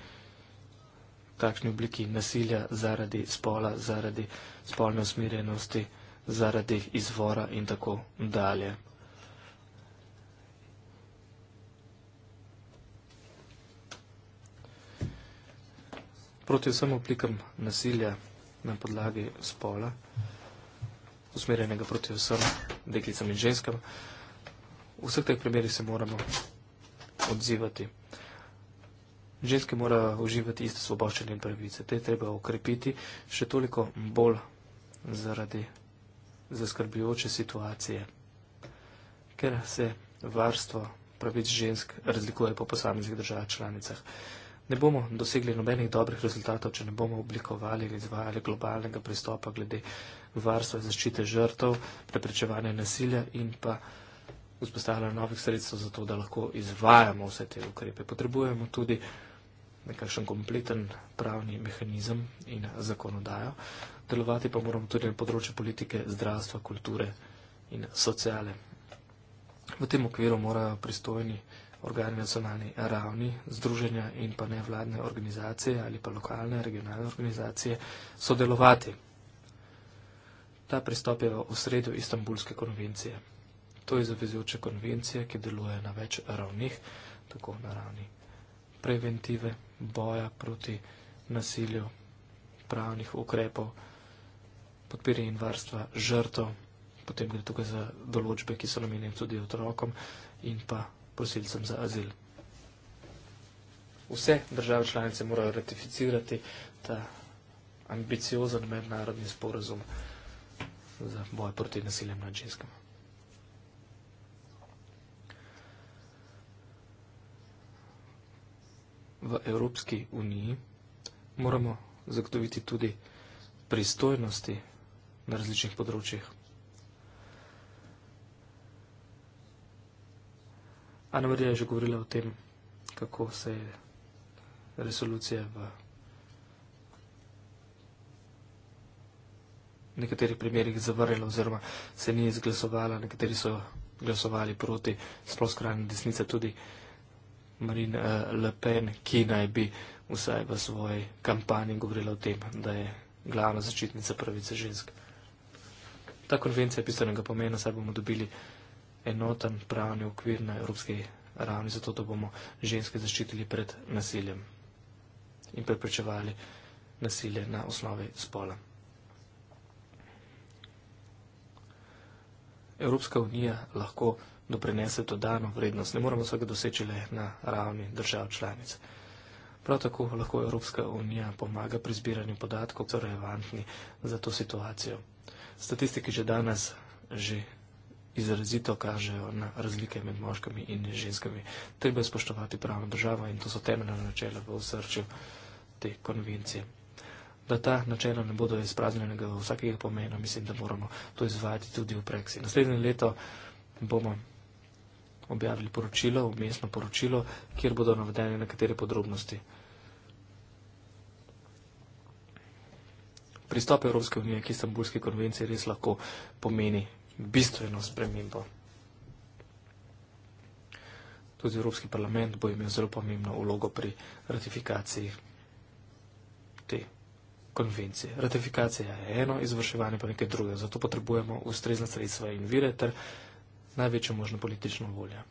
C: takšni obliki nasilja zaradi spola, zaradi spolne usmerjenosti, zaradi izvora in tako dalje. Proti vsem oblikam nasilja na podlagi spola, usmerjenega proti vsem deklicam in ženskam, v vseh teh primerih se moramo odzivati. Ženske morajo uživati iste svoboščine in pravice. Te treba ukrepiti še toliko bolj zaradi zaskrbljujoče situacije, ker se varstvo pravic žensk razlikuje po posameznih državah članicah. Ne bomo dosegli nobenih dobrih rezultatov, če ne bomo oblikovali ali izvajali globalnega pristopa glede varstva in zaščite žrtev, preprečevanja nasilja in pa vzpostavljanja novih sredstev, zato da lahko izvajamo vse te ukrepe. Potrebujemo tudi nekakšen kompleten pravni mehanizem in zakonodajo. Delovati pa moramo tudi na področju politike, zdravstva, kulture in sociale. V tem okviru morajo pristojni organi nacionalni ravni, združenja in pa nevladne organizacije ali pa lokalne, regionalne organizacije sodelovati. Ta pristop je v sredju Istanbulske konvencije. To je zavezujoča konvencija, ki deluje na več ravnih, tako na ravni preventive, boja proti nasilju, pravnih ukrepov, podpiranja in varstva žrtov, potem gre tukaj za določbe, ki so namenjene tudi otrokom in pa prosilcem za azil. Vse države članice morajo ratificirati ta ambiciozen mednarodni sporazum za boj proti nasiljem nad ženskama. v Evropski uniji, moramo zagotoviti tudi pristojnosti na različnih področjih. Ana Marija je že govorila o tem, kako se je resolucija v nekaterih primerih zavrnila oziroma se ni izglasovala, nekateri so glasovali proti, sploh skrajna desnica tudi uh, Marine eh, Le Pen, ki naj bi vsaj v svoji kampanji govorila o tem, da je glavna začitnica pravice žensk. Ta konvencija je pisanega pomena, saj bomo dobili enoten pravni okvir na evropski ravni, zato da bomo ženske zaščitili pred nasiljem in preprečevali nasilje na osnovi spola. Evropska unija lahko doprinese to dano vrednost. Ne moramo vsega doseči le na ravni držav članic. Prav tako lahko Evropska unija pomaga pri zbiranju podatkov, ki torej so relevantni za to situacijo. Statistiki že danes že izrazito kažejo na razlike med moškimi in ženskami. Treba je spoštovati pravno državo in to so temeljna načela v srčju te konvencije da ta načela ne bodo izpraznjenega vsakega pomena. Mislim, da moramo to izvajati tudi v praksi. Naslednje leto bomo objavili poročilo, umestno poročilo, kjer bodo navedene nekatere podrobnosti. Pristop Evropske unije k Istanbulski konvenciji res lahko pomeni bistveno spremembo. Tudi Evropski parlament bo imel zelo pomembno ulogo pri ratifikaciji te konvencije konvencije. Ratifikacija je eno, izvrševanje pa nekaj drugega. Zato potrebujemo ustrezna sredstva in vire ter največjo možno politično voljo.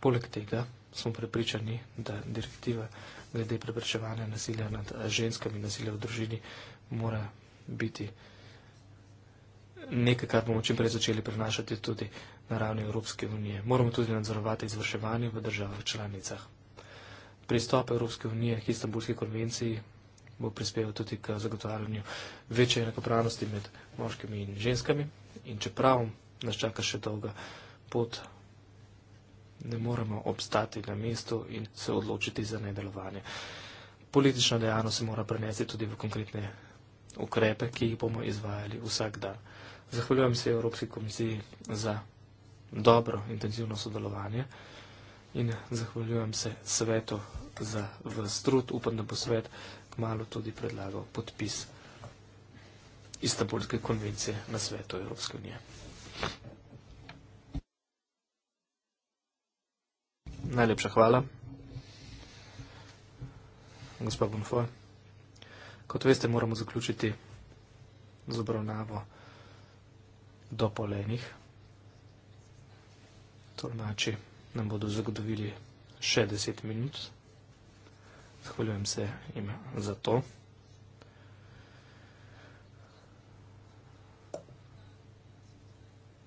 C: Poleg tega smo prepričani, da direktiva glede preprečevanja nasilja nad ženskami in nasilja v družini mora biti nekaj, kar bomo čim prej začeli prenašati tudi na ravni Evropske unije. Moramo tudi nadzorovati izvrševanje v državah članicah. Pristop Evropske unije k istambulski konvenciji bo prispeval tudi k zagotavljanju večje enakopravnosti med moškimi in ženskami. In čeprav nas čaka še dolga pot, ne moremo obstati na mestu in se odločiti za nedelovanje. Politična dejavnost se mora prenesti tudi v konkretne ukrepe, ki jih bomo izvajali vsak dan. Zahvaljujem se Evropski komisiji za dobro intenzivno sodelovanje in zahvaljujem se svetu za vstrud. Upam, da bo svet kmalo tudi predlagal podpis Istanbulske konvencije na svetu Evropske unije. Najlepša hvala. Gospod Bonfoy, kot veste, moramo zaključiti z obravnavo do polenih. Tornači nam bodo zagotovili še deset minut. Zahvaljujem se jim za to.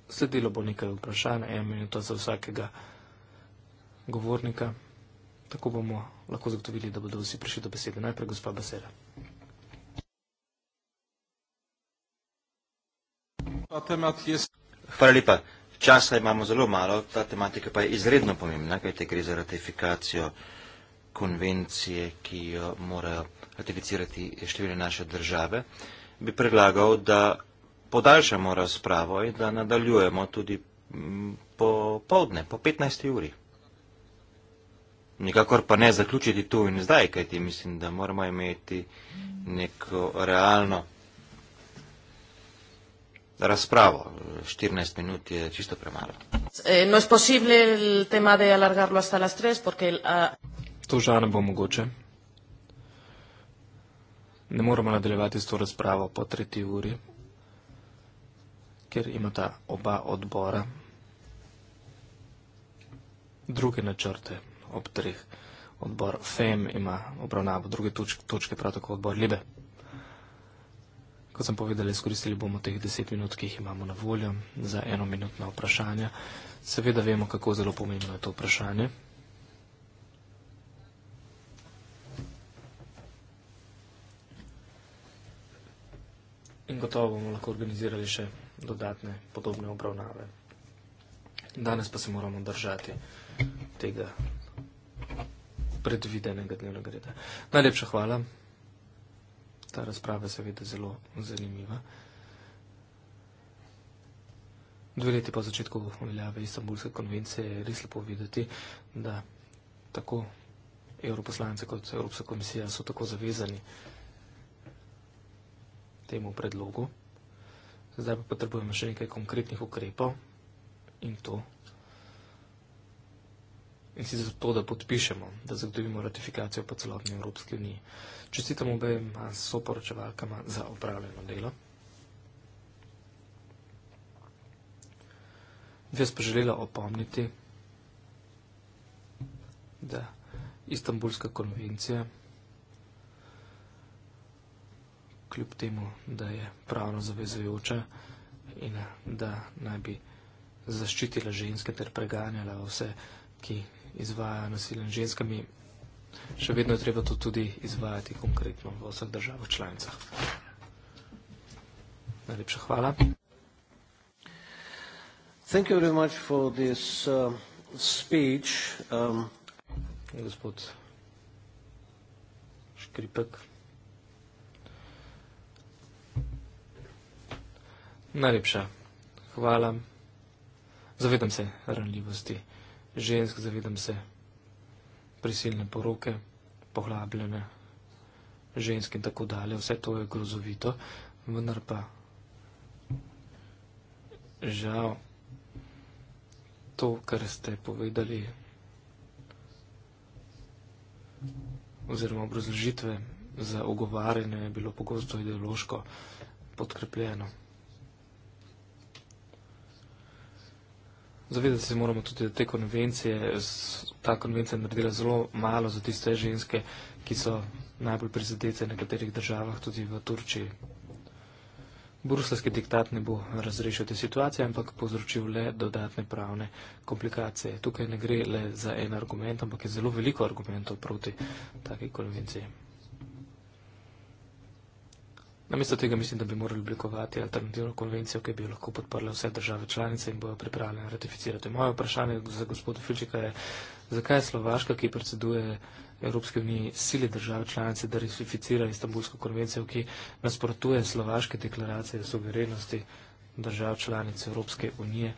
C: Sledilo bo nekaj vprašanj, ena minuta za vsakega govornika. Tako bomo lahko zagotovili, da bodo vsi prišli do besede. Najprej gospa Basera.
A: Hvala lepa. Časa imamo zelo malo, ta tematika pa je izredno pomembna, kajte gre za ratifikacijo konvencije, ki jo morajo ratificirati številne naše države, bi predlagal, da podaljšamo razpravo in da nadaljujemo tudi mm, po povdne, po 15. uri. Nikakor pa ne zaključiti tu in zdaj, kajti mislim, da moramo imeti neko realno razpravo. 14 minut je čisto premalo.
B: Eh, no es posible el tema de alargarlo hasta las 3, porque... El, uh...
A: To žal ne bo
C: mogoče. Ne moramo nadaljevati s to razpravo po tretji uri, ker imata oba odbora druge načrte ob treh. Odbor FEM ima obravnavo druge točke, prav tako odbor LIBE. Kot sem povedal, izkoristili bomo teh deset minut, ki jih imamo na voljo za eno minutno vprašanje. Seveda vemo, kako zelo pomembno je to vprašanje. in gotovo bomo lahko organizirali še dodatne podobne obravnave. Danes pa se moramo držati tega predvidenega dnevnega reda. Najlepša hvala. Ta razprava je seveda zelo zanimiva. Dve leti po začetku uveljave Istanbulske konvencije je res lepo videti, da tako Evroposlanci kot Evropska komisija so tako zavezani temu predlogu. Zdaj pa potrebujemo še nekaj konkretnih ukrepov in to. In si zato, da podpišemo, da zagotovimo ratifikacijo po celotni Evropski uniji. Čestitam obema soporočevalkama za opravljeno delo. Bi vas pa želela opomniti, da Istanbulska konvencija kljub temu, da je pravno zavezujoča in da naj bi zaščitila ženske ter preganjala vse, ki izvaja nasilje nad ženskami. Še vedno je treba to tudi izvajati konkretno v vseh državah članicah. Najlepša hvala. Thank you very much for this uh, speech. Um, Gospod Škripek. Najlepša. Hvala. Zavedam se ranljivosti žensk, zavedam se prisilne poroke, pohlabljene ženske in tako dalje. Vse to je grozovito, vendar pa žal to, kar ste povedali, oziroma obrazložitve za ogovarjanje je bilo pogosto ideološko podkrepljeno. Zavedati se moramo tudi, da te konvencije, ta konvencija je naredila zelo malo za tiste ženske, ki so najbolj prizadete v nekaterih državah, tudi v Turčiji. Bruselski diktat ne bo razrešil te situacije, ampak povzročil le dodatne pravne komplikacije. Tukaj ne gre le za en argument, ampak je zelo veliko argumentov proti take konvencije. Namesto tega mislim, da bi morali oblikovati alternativno konvencijo, ki bi jo lahko podprle vse države članice in bojo pripravljene ratificirati. Moje vprašanje za gospoda Filčika je, zakaj je Slovaška, ki predseduje Evropske unije, sili države članice, da ratificira Istanbulsko konvencijo, ki nasprotuje Slovaške deklaracije suverenosti držav članic Evropske unije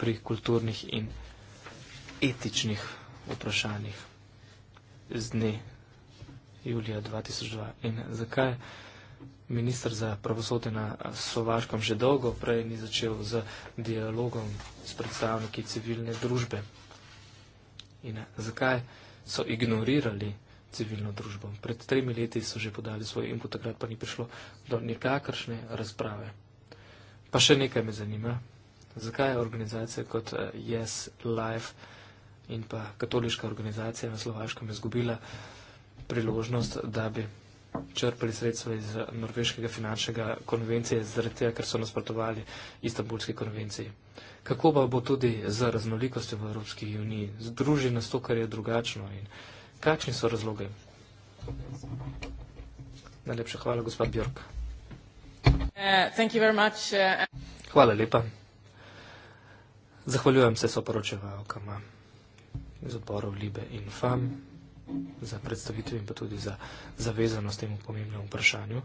C: pri kulturnih in etičnih vprašanjih z dne julija 2002. In zakaj? ministr za pravosodje na Slovaškem že dolgo, prej ni začel z dialogom s predstavniki civilne družbe. In eh, zakaj so ignorirali civilno družbo? Pred tremi leti so že podali svoj input, takrat pa ni prišlo do nikakršne razprave. Pa še nekaj me zanima. Zakaj je organizacija kot eh, Yes Life in pa katoliška organizacija na Slovaškem izgubila priložnost, da bi črpali sredstva iz norveškega finančnega konvencije, zaradi tega, ker so nasprotovali istambulski konvenciji. Kako pa bo tudi za raznolikost v Evropski uniji? Združi nas to, kar je drugačno in kakšni so razloge? Najlepša hvala, gospod Björk.
B: Uh, uh,
C: hvala lepa. Zahvaljujem se soporočevalkama iz odborov Libe in FAM. Mm -hmm za predstavitev in pa tudi za zavezanost temu pomembnemu vprašanju.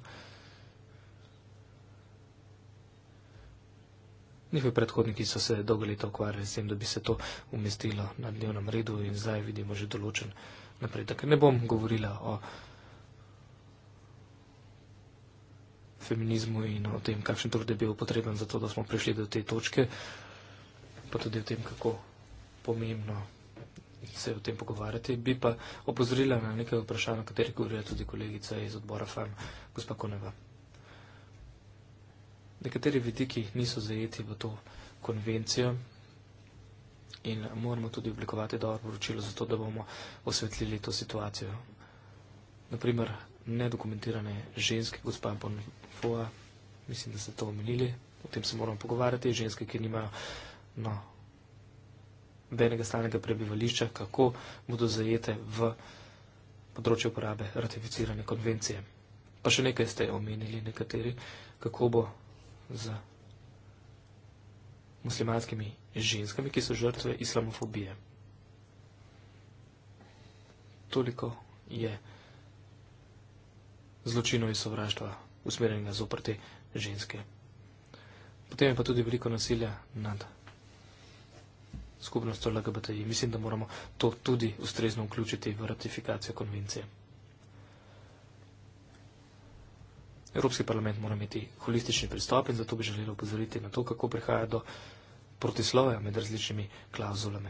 C: Njihovi predhodniki so se dolgo leta ukvarjali s tem, da bi se to umestilo na dnevnem redu in zdaj vidimo že določen napredek. Ne bom govorila o feminizmu in o tem, kakšen trud je bil potreben za to, da smo prišli do te točke, pa tudi o tem, kako pomembno je se o tem pogovarjati. Bi pa opozorila na nekaj vprašanj, o katerih govorijo tudi kolegica iz odbora FAM, gospa Koneva. Nekateri vidiki niso zajeti v to konvencijo in moramo tudi oblikovati dobro poročilo, zato da bomo osvetlili to situacijo. Naprimer, nedokumentirane ženske, gospa Bonfoa, mislim, da ste to omenili, o tem se moramo pogovarjati, ženske, ki nimajo no, nobenega stalnega prebivališča, kako bodo zajete v področju uporabe ratificirane konvencije. Pa še nekaj ste omenili nekateri, kako bo z muslimanskimi ženskami, ki so žrtve islamofobije. Toliko je zločino iz sovraštva usmerjenega zoprte ženske. Potem je pa tudi veliko nasilja nad skupnostjo LGBTI. Mislim, da moramo to tudi ustrezno vključiti v ratifikacijo konvencije. Evropski parlament mora imeti holistični pristop in zato bi želela upozoriti na to, kako prihaja do protislova med različnimi klauzulami.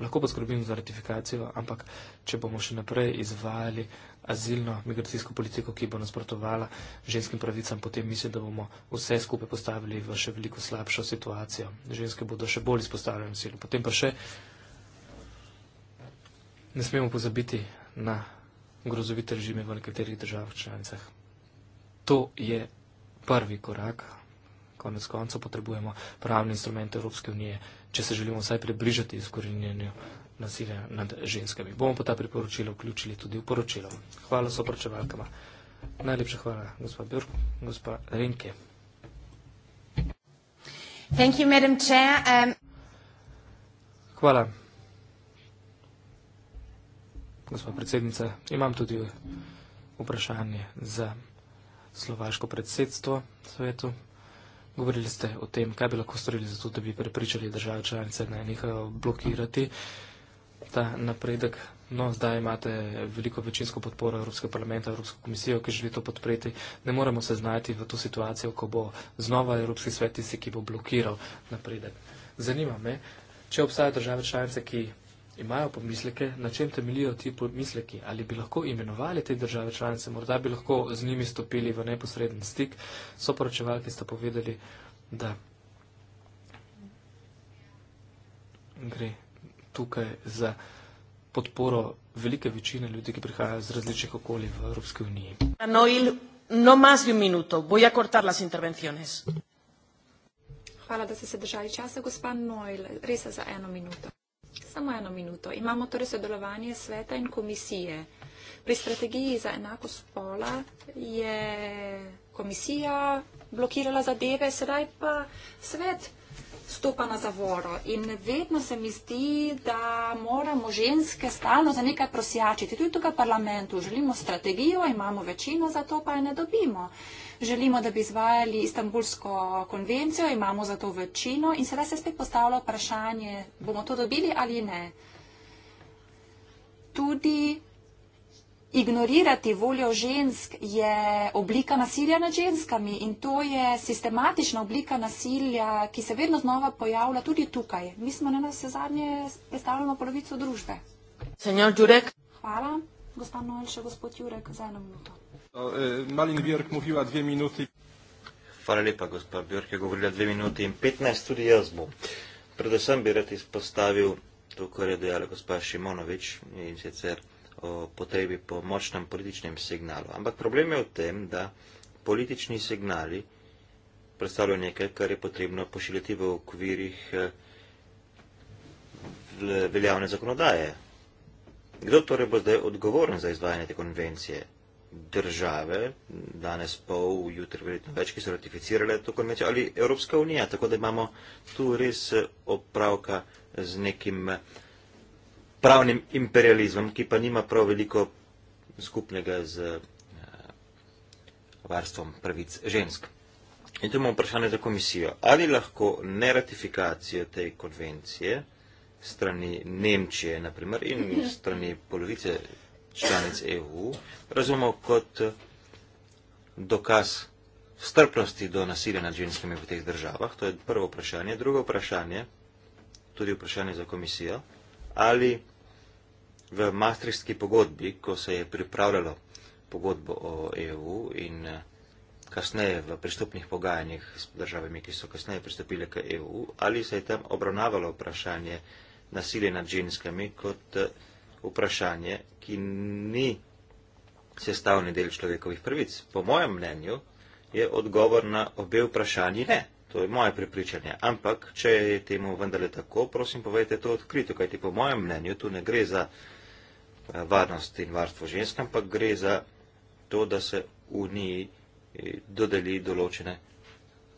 C: Lahko pa skrbim za ratifikacijo, ampak če bomo še naprej izvajali azilno migracijsko politiko, ki bo nasprotovala ženskim pravicam, potem mislim, da bomo vse skupaj postavili v še veliko slabšo situacijo. Ženske bodo še bolj izpostavljene nasilju. Potem pa še ne smemo pozabiti na grozovite režime v nekaterih državah članicah. To je prvi korak. Konec koncev potrebujemo pravne instrumente Evropske unije, če se želimo vsaj približati izkoreninjenju nasilja nad ženskami. Bomo pa ta priporočila vključili tudi v poročilo. Hvala so pročevalkama. Najlepša hvala, gospa Björk, gospa Renke.
B: Thank you, madam chair. Um...
C: Hvala. Gospa predsednica, imam tudi vprašanje za slovaško predsedstvo svetu. Govorili ste o tem, kaj bi lahko storili za to, da bi prepričali države članice, da ne nehajo blokirati. Uh, ta napredek. No, zdaj imate veliko večinsko podporo Evropske parlamenta, Evropske komisije, ki želi to podpreti. Ne moremo se znajti v to situacijo, ko bo znova Evropski svet tisti, ki bo blokiral napredek. Zanima me, če obstajajo države članice, ki imajo pomisleke, na čem temelijo ti pomisleki? Ali bi lahko imenovali te države članice, morda bi lahko z njimi stopili v neposreden stik? So poročevalki sta povedali, da gre tukaj za podporo velike večine ljudi, ki prihajajo iz različnih okolij v Evropski uniji.
B: No, no más de un minuto. Voy a cortar las
C: intervenciones.
B: Hvala, da ste se držali časa, gospa Noil. Res za eno minuto. Samo eno minuto. Imamo torej sodelovanje sveta in komisije. Pri strategiji za enako spola je komisija blokirala zadeve, sedaj pa svet stopa na zavoro. In vedno se mi zdi, da moramo ženske stalno za nekaj prosjačiti. Tudi tukaj v parlamentu želimo strategijo, imamo večino za to, pa je ne dobimo. Želimo, da bi izvajali Istanbulsko konvencijo, imamo za to večino in sedaj se spet postavlja vprašanje, bomo to dobili ali ne. Tudi Ignorirati voljo žensk je oblika nasilja nad ženskami in to je sistematična oblika nasilja, ki se vedno znova pojavlja tudi tukaj. Mi smo na vse zadnje predstavljamo polovico družbe. Senjor Đurek. Hvala, gospod Noel, še gospod Jurek, za eno minuto.
C: E, Malin
A: Björk mluvila dve minuti. Hvala lepa, gospod Björk je govorila dve minuti in petnajst, tudi jaz bom. Predvsem bi rad izpostavil to, kar je dejala gospod Šimonovič in sicer o potrebi po močnem političnem signalu. Ampak problem je v tem, da politični signali predstavljajo nekaj, kar je potrebno pošiljati v okvirih eh, veljavne zakonodaje. Kdo torej bo zdaj odgovoren za izvajanje te konvencije? Države, danes pol, jutri verjetno več, ki so ratificirale to konvencijo, ali Evropska unija, tako da imamo tu res eh, opravka z nekim eh, pravnim imperializmom, ki pa nima prav veliko skupnega z eh, varstvom pravic žensk. In tu imamo vprašanje za komisijo. Ali lahko neratifikacijo te konvencije strani Nemčije, naprimer, in mhm. strani polovice članic EU razumemo kot eh, dokaz strpnosti do nasilja nad ženskami v teh državah? To je prvo vprašanje. Drugo vprašanje, tudi vprašanje za komisijo, ali v maastrichtski pogodbi, ko se je pripravljalo pogodbo o EU in eh, kasneje v pristopnih pogajanjih s državami, ki so kasneje pristopile k EU, ali se je tam obravnavalo vprašanje nasilja nad ženskami kot eh, vprašanje, ki ni sestavni del človekovih prvic. Po mojem mnenju je odgovor na obe vprašanji ne. To je moje prepričanje. Ampak, če je temu vendarle tako, prosim povejte to odkrito, kajti po mojem mnenju tu ne gre za Eh, varnost in varstvo žensk, ampak gre za to, da se Uniji eh, dodeli določene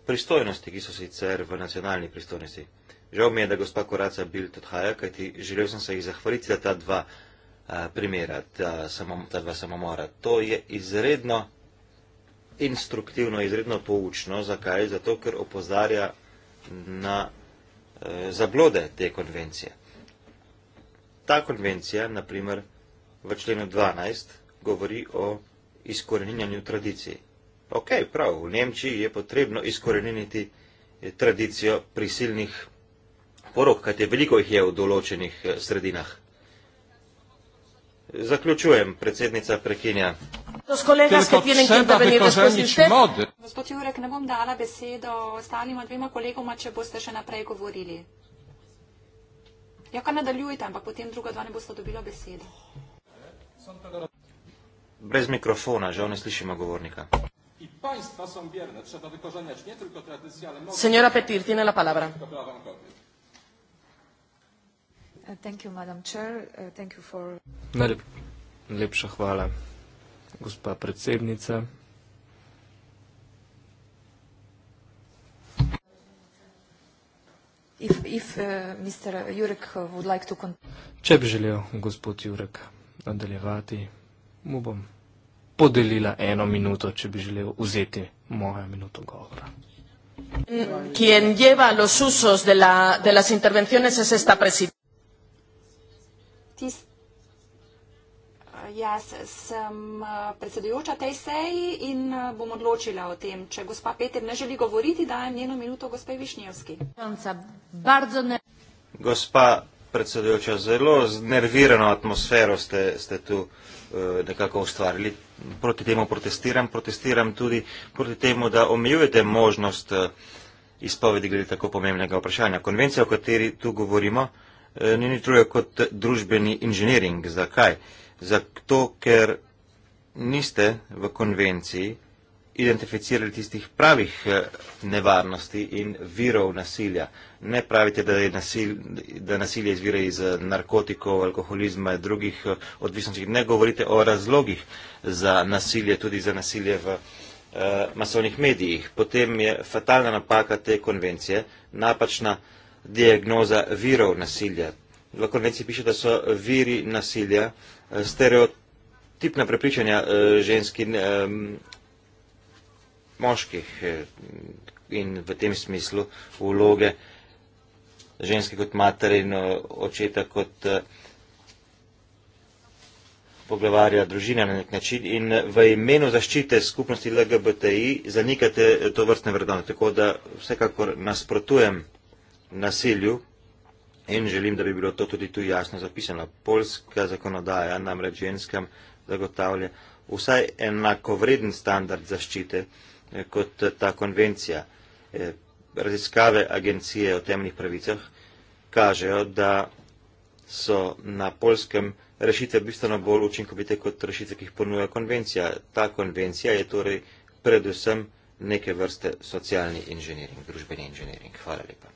A: pristojnosti, ki so sicer v nacionalni pristojnosti. Žal mi je, da gospa Koraca Bilt odhaja, kajti želel sem se jih zahvaliti za ta dva eh, primera, ta, samom, ta dva samomora. To je izredno instruktivno, izredno poučno. Zakaj? Zato, ker opozarja na eh, zablode te konvencije. Ta konvencija, naprimer, v členu 12 govori o izkoreninjanju tradicij. Ok, prav, v Nemčiji je potrebno izkoreniniti eh, tradicijo prisilnih porok, kajte veliko jih je v določenih eh, sredinah. Zaključujem, predsednica prekinja. Gospod
B: Jurek, ne bom dala besedo ostalima dvema kolegoma, če boste še naprej govorili. Ja, kar nadaljujte, ampak potem druga dva ne boste dobila besedo.
A: Brez mikrofona, żeby nie słyszymy govornika. Señora Petir, tiene la palabra.
B: Uh, thank you, Madam Chair. Uh, thank you for...
C: Najlep, najlepša hvala, gospa predsednica.
B: If, if, uh, Mr. Jurek would like to...
C: Če bi želel gospod Jurek nadaljevati, mu bom podelila eno minuto, če bi želel vzeti mojo minuto govora.
B: Quien lleva los usos de, la, de las intervenciones es esta presidenta. Jaz sem eh, predsedujoča tej seji in eh, bom odločila o tem. Če gospa Peter ne želi govoriti, dajem njeno minuto gospe Višnjevski.
A: Gospa predsedujoča, zelo znervirano atmosfero ste, ste tu eh, nekako ustvarili. Proti temu protestiram, protestiram tudi proti temu, da omejujete možnost eh, izpovedi glede tako pomembnega vprašanja. Konvencija, o kateri tu govorimo, eh, ni nič drugega kot družbeni inženiring. Zakaj? Zato, ker niste v konvenciji identificirali tistih pravih eh, nevarnosti in virov nasilja. Ne pravite, da, je nasil, da nasilje izvira iz eh, narkotikov, alkoholizma in drugih eh, odvisnosti. Ne govorite o razlogih za nasilje, tudi za nasilje v eh, masovnih medijih. Potem je fatalna napaka te konvencije, napačna diagnoza virov nasilja. V konvenciji piše, da so viri nasilja stereotipna prepričanja eh, ženskih. Eh, moških eh, in v tem smislu vloge ženske kot mater in eh, očeta kot eh, poglavarja družine na nek način in v imenu zaščite skupnosti LGBTI zanikate to vrstne vrednote. Tako da vsekakor nasprotujem nasilju in želim, da bi bilo to tudi tu jasno zapisano. Polska zakonodaja namreč ženskam zagotavlja vsaj enakovreden standard zaščite. Eh, kot eh, ta konvencija. Eh, raziskave agencije o temnih pravicah kažejo, da so na polskem rešitve bistveno bolj učinkovite kot rešitve, ki jih ponuja konvencija. Ta konvencija je torej predvsem neke vrste socialni inženiring, družbeni inženiring. Hvala lepa.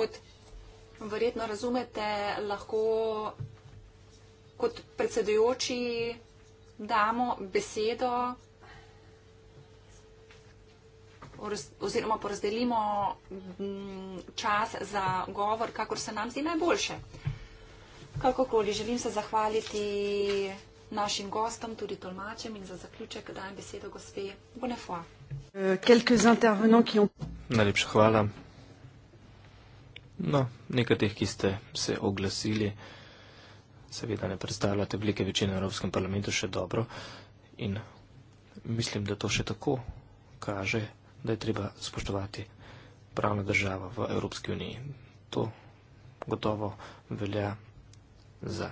B: Kot verjetno razumete, lahko kot predsedujoči damo besedo oziroma porazdelimo mm, čas za govor, kakor se nam zdi najboljše. Kakokoli, želim se zahvaliti našim gostom, tudi tolmačem in za zaključek dajem besedo gospe Bonefoy.
C: Euh, Najlepša hvala. No, nekaj teh, ki ste se oglasili, seveda ne predstavljate velike večine v Evropskem parlamentu še dobro in mislim, da to še tako kaže, da je treba spoštovati pravno državo v Evropski uniji. To gotovo velja za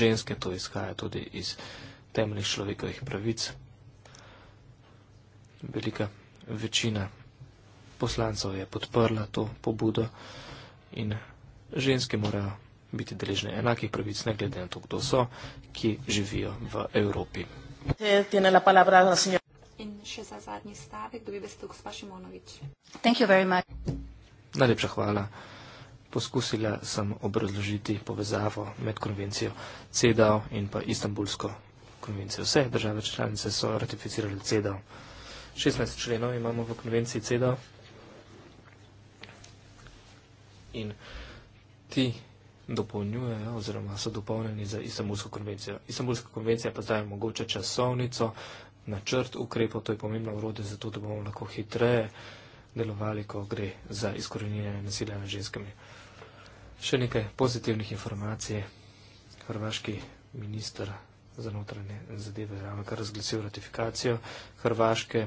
C: ženske, to izhaja tudi iz temeljih človekovih pravic. Velika večina poslancev je podprla to pobudo. In ženske morajo biti deležne enakih pravic, ne glede na to, kdo so, ki živijo v Evropi. Eh,
B: in še za zadnji stavek dobi besedo gospa Šimonovič.
C: Najlepša hvala. Poskusila sem obrazložiti povezavo med konvencijo CEDAO in pa istambulsko konvencijo. Vse države članice so ratificirale CEDAO. 16 členov imamo v konvenciji CEDAO in ti dopolnjujejo oziroma so dopolnjeni za Istanbulsko konvencijo. Istanbulska konvencija pa zdaj omogoča časovnico, načrt ukrepov, to je pomembno urode za to, da bomo lahko hitreje delovali, ko gre za izkoreninjenje nasilja nad ženskami. Še nekaj pozitivnih informacij. Hrvaški minister za notranje zadeve je ravno kar razglasil ratifikacijo Hrvaške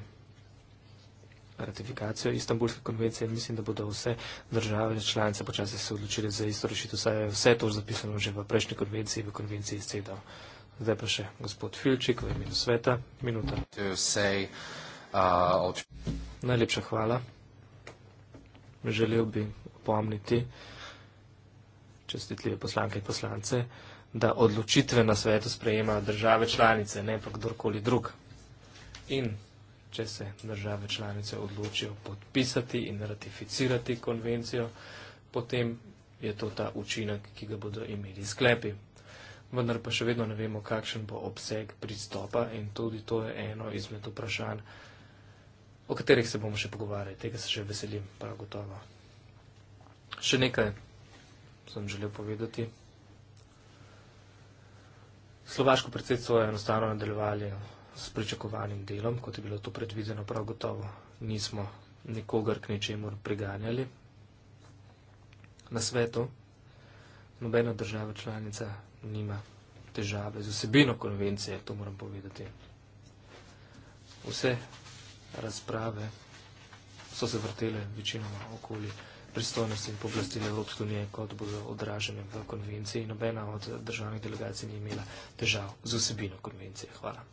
C: ratifikacijo Istanbulske konvencije, mislim, da bodo vse države članice počasi se odločili za isto rešitev, saj je vse to zapisano že v prejšnji konvenciji, v konvenciji iz CEDAW. Zdaj pa še gospod Filčik v imenu sveta. Minuta. Say, uh, Najlepša hvala. Želel bi pomniti čestitljive poslanke in poslance, da odločitve na svetu sprejema države članice, ne pa kdorkoli drug. In če se države članice odločijo podpisati in ratificirati konvencijo, potem je to ta učinek, ki ga bodo imeli sklepi. Vendar pa še vedno ne vemo, kakšen bo obseg pristopa in tudi to je eno izmed vprašanj, o katerih se bomo še pogovarjali. Tega se še veselim, prav gotovo. Še nekaj sem želel povedati. Slovaško predsedstvo je enostavno nadaljevali s pričakovanim delom, kot je bilo to predvideno, prav gotovo nismo nikogar k ničemur priganjali. Na svetu nobena država članica nima težave z osebino konvencije, to moram povedati. Vse razprave so se vrtele večinoma okoli pristojnosti in poblastil Evropske unije, kot bodo odražene v konvenciji. Nobena od državnih delegacij ni imela težav z osebino konvencije. Hvala.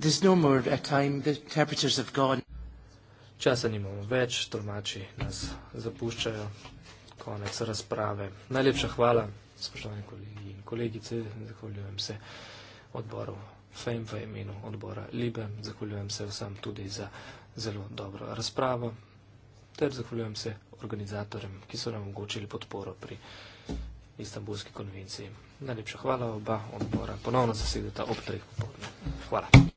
C: There's no more a uh, time, the temperatures have gone. Časa nimamo več, tolmači nas zapuščajo, konec razprave. Najlepša hvala, spoštovani kolegi in kolegice, zahvaljujem se odboru FEM v imenu odbora LIBE, zahvaljujem se vsem tudi za zelo dobro razpravo, ter zahvaljujem se organizatorjem, ki so nam omogočili podporo pri Istanbulski konvenciji. Najlepša hvala oba odbora. Ponovno se sedeta ob treh popoldne. Hvala.